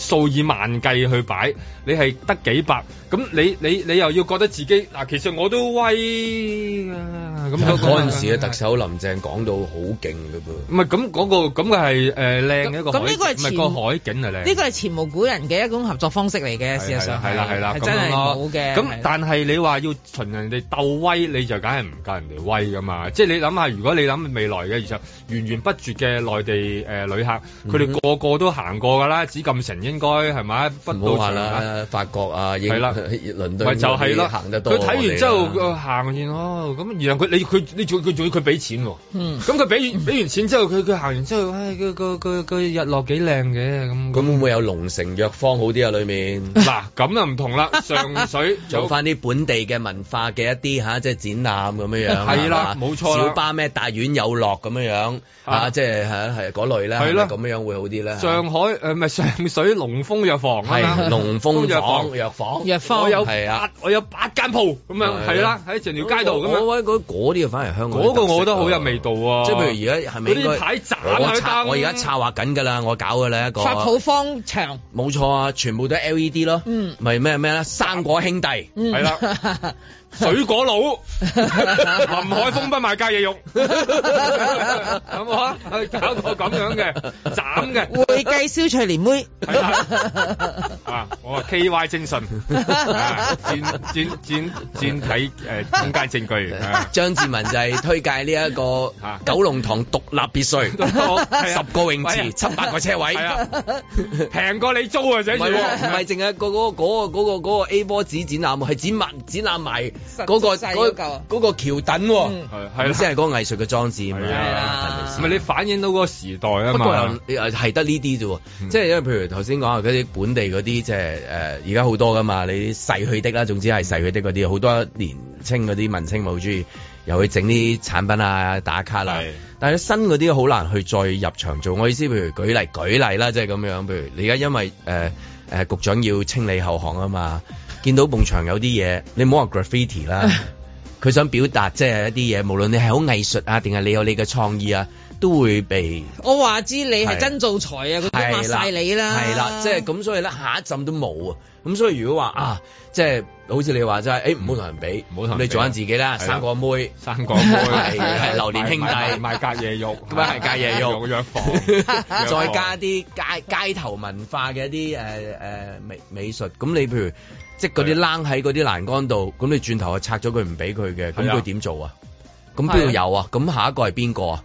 數以萬計去擺，你係得幾百？咁你你你又要覺得自己嗱？其實我都威啊！咁嗰陣時嘅特首林鄭講到好勁㗎噃。唔係咁嗰個咁嘅係誒靚嘅一個，咁呢個係前、嗰個、海景係靚，呢個係前無古人嘅一種合作方式嚟嘅。事實上係啦係啦，係係真係好嘅。咁但係你話要從人哋鬥威，你就梗係唔夠人哋威噶嘛？即、就、係、係、你諗下，如果你諗未來嘅，而且源源不絕嘅內地誒、呃、旅客，佢哋個個都行過㗎啦，只咁成應該係咪？唔好話啦，法國啊，係啦，倫敦咪就係咯，行得到。佢睇完之後，佢行完哦，咁然後，佢你佢你仲佢仲要佢俾錢喎。嗯，咁佢俾俾完錢之後，佢佢行完之後，唉，個個個個日落幾靚嘅咁。咁會唔會有龍城藥方好啲啊？裏面嗱，咁就唔同啦。上水做翻啲本地嘅文化嘅一啲吓，即係展覽咁樣樣。係啦，冇錯啦。小巴咩大院有落咁樣樣啊，即係係係嗰類咧，咁樣樣會好啲咧。上海唔係上水。龍鳳藥房係龍鳳藥房，藥房藥房，房，房，我有八、啊，我有八間鋪咁樣，係啦、啊，喺成條街度，咁我覺得嗰啲又反而香港，嗰、那個我都好有味道、啊。即係譬如而家係咪嗰啲牌盞？我而家策劃緊噶啦，我搞嘅呢一個七寶方牆，冇錯啊，全部都係 L E D 咯。嗯，咪咩咩啦？生果兄弟係啦，嗯啊、 水果佬林海峰不賣家嘢用，咁 嘛？ 咁搞個咁樣嘅盞嘅會計燒菜蓮妹。 啊！我 K Y 精神，轉轉轉轉睇誒空間證據張、啊、志文就係推介呢一個九龍塘獨立別墅， 十個泳池、七、哎、八個車位，平、哎、過你租啊！寫住唔係淨係嗰嗰嗰 A 波紙展覽係展展覽覽埋、那個、那個嗰、那個嗰橋墩先係嗰個藝術嘅裝置是啊！唔係、啊啊、你反映到嗰個時代啊嘛！不過係得呢啲啫，即、啊、係、嗯、因為譬如頭先。先講下嗰啲本地嗰啲即係誒，而家好多噶嘛，你細去的啦，總之係細去的嗰啲，好多年青嗰啲文青冇注意又去整啲產品啊、打卡啦。但係新嗰啲好難去再入場做。我意思譬如舉例舉例啦，即係咁樣。譬如你而家因為誒誒、呃呃、局長要清理後巷啊嘛，見到埲牆有啲嘢，你唔好話 graffiti 啦，佢 想表達即係一啲嘢，無論你係好藝術啊，定係你有你嘅創意啊。都會被我話知你係真做財啊！佢抹曬你啦、啊啊，係啦、啊，即係咁，所以咧下一陣都冇啊！咁、嗯、所以如果話啊，即係好似你話齋，誒唔好同人比，唔好同你做緊自己啦，生、啊、個妹，生、啊、個妹係榴蓮兄弟，賣隔夜肉，咁樣係隔夜肉，牛養房 再加啲街 街頭文化嘅一啲誒誒美美術。咁你譬如即嗰啲躝喺嗰啲欄杆度，咁你轉頭又拆咗佢唔俾佢嘅，咁佢點做啊？咁邊度有啊？咁下一個係邊個啊？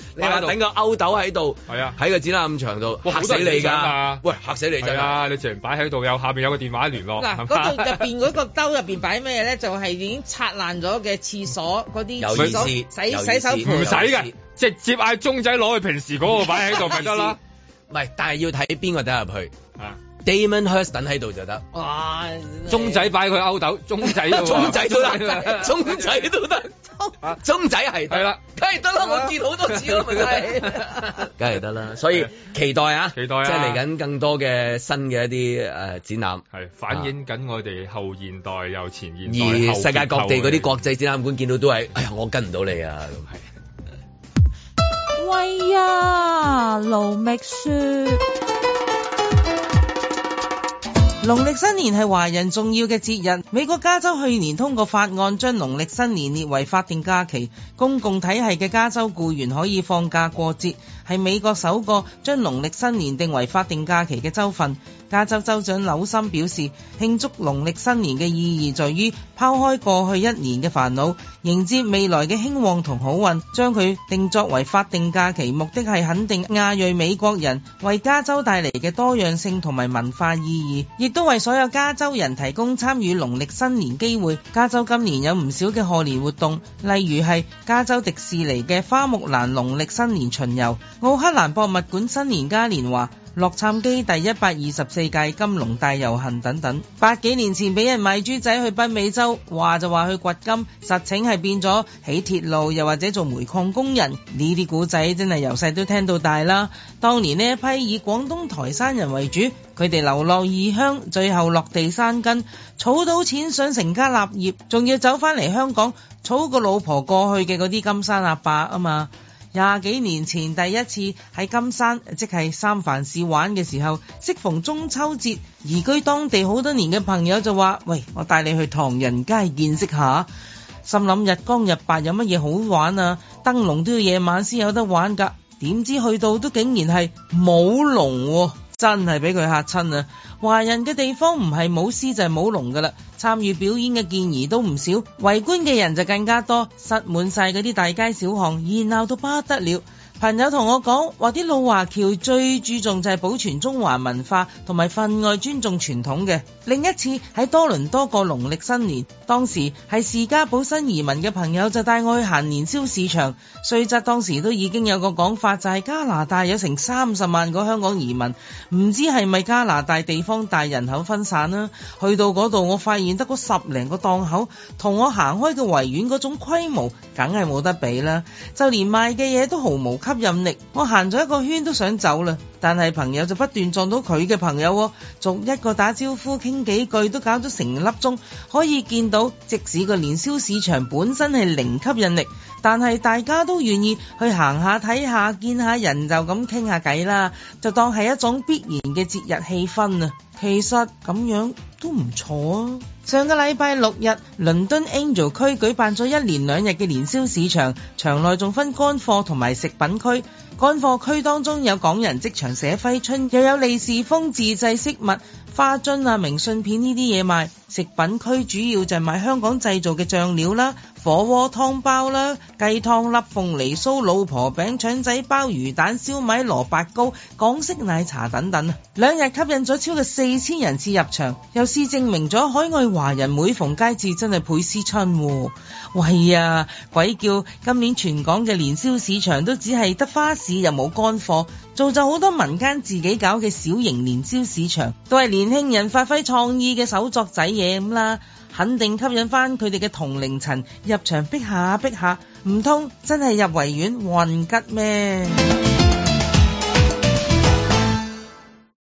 你話頂個歐斗喺度，係啊，喺個展覽咁長度嚇死你噶、啊，喂嚇死你！係啊，你成日擺喺度，又下邊有個電話聯絡。嗰度入邊嗰個兜入邊擺咩咧？就係、是、已經拆爛咗嘅廁所嗰啲， 有冇意思？洗洗手盆唔使嘅，直接嗌鐘仔攞去平時嗰個擺喺度咪得啦？唔 係，但係要睇邊個得入去啊。 Damien Hirst 喺度就得，哇！鐘仔擺佢歐斗，鐘仔，鐘仔， 鐘仔， 鐘仔，鐘仔都得，啊，鐘仔都得，鐘仔係，係啦，梗係得啦，我見好多次啦，咪係，梗係得啦，所以期待啊，期待啊，即係嚟緊更多嘅新嘅一啲展覽，啊、反映緊我哋後現代又前現代，而世界各地嗰啲國際展覽館見到都係， 哎呀，我跟唔到你啊，咁係。喂啊，盧覓雪。農曆新年係華人重要嘅節日。美國加州去年通過法案，將農曆新年列為法定假期。公共體系嘅加州僱員可以放假過節。係美國首個將農曆新年定為法定假期嘅州份。加州州長紐森表示，慶祝農曆新年嘅意義在於拋開過去一年嘅煩惱，迎接未來嘅興旺同好運。將佢定作為法定假期，目的係肯定亞裔美國人為加州帶嚟嘅多樣性同埋文化意義，亦都為所有加州人提供參與農曆新年機會。加州今年有唔少嘅賀年活動，例如係加州迪士尼嘅花木蘭農曆新年巡遊。奧克蘭博物館新年嘉年華、洛杉磯第一百二十四屆金龍大遊行等等，百幾年前俾人賣豬仔去北美洲，話就話去掘金，實情係變咗起鐵路，又或者做煤礦工人。呢啲古仔真係由細都聽到大啦。當年呢一批以廣東台山人為主，佢哋流落異鄉，最後落地生根，儲到錢想成家立業，仲要走返嚟香港，娶個老婆過去嘅嗰啲金山阿伯啊嘛。廿幾年前第一次喺金山，即係三藩市玩嘅時候，適逢中秋節，移居當地好多年嘅朋友就話：喂，我帶你去唐人街見識下。心諗日光日白有乜嘢好玩啊？燈籠都要夜晚先有得玩㗎。點知去到都竟然係舞龍。真係俾佢嚇親啊！華人嘅地方唔係舞獅就係舞龍噶啦，參與表演嘅健兒都唔少，圍觀嘅人就更加多，塞滿晒嗰啲大街小巷，熱鬧到不得了。朋友同我講話啲老華僑最注重就係保存中華文化同埋分外尊重傳統嘅。另一次喺多倫多過農曆新年，當時係士嘉堡新移民嘅朋友就帶我去行年宵市場。雖則當時都已經有個講法，就係、是、加拿大有成三十萬個香港移民，唔知係咪加拿大地方大人口分散啦？去到嗰度，我發現得嗰十零個檔口，同我行開嘅維園嗰種規模，梗係冇得比啦。就連賣嘅嘢都毫無吸吸引力，我行咗一個圈都想走啦。但係朋友就不斷撞到佢嘅朋友，逐一個打招呼傾幾句，都搞咗成粒鐘。可以見到，即使個年宵市場本身係零吸引力，但係大家都願意去行下睇下見下人，就咁傾下偈啦，就當係一種必然嘅節日氣氛啊。其實咁樣都唔錯啊。上個禮拜六日，倫敦 Angel 區舉辦咗一連兩日嘅年宵市場，場內仲分乾貨同埋食品區。乾貨區當中有港人職場寫揮春，又有利是封、自製飾物、花樽啊、明信片呢啲嘢賣。食品區主要就係賣香港製造嘅醬料啦、火鍋湯包啦、雞湯粒、鳳梨酥、老婆餅、腸仔包、魚蛋、燒賣、蘿蔔糕、港式奶茶等等啊，兩日吸引咗超過四千人次入場，又試證明咗海外華人每逢佳節真係倍思親喎。喂呀，鬼叫今年全港嘅年宵市場都只係得花市。又冇乾貨，造就好多民間自己搞嘅小型年宵市場，都係年輕人發揮創意嘅手作仔嘢咁啦，肯定吸引翻佢哋嘅同齡層入場逼下逼下，唔通真係入維園混吉咩？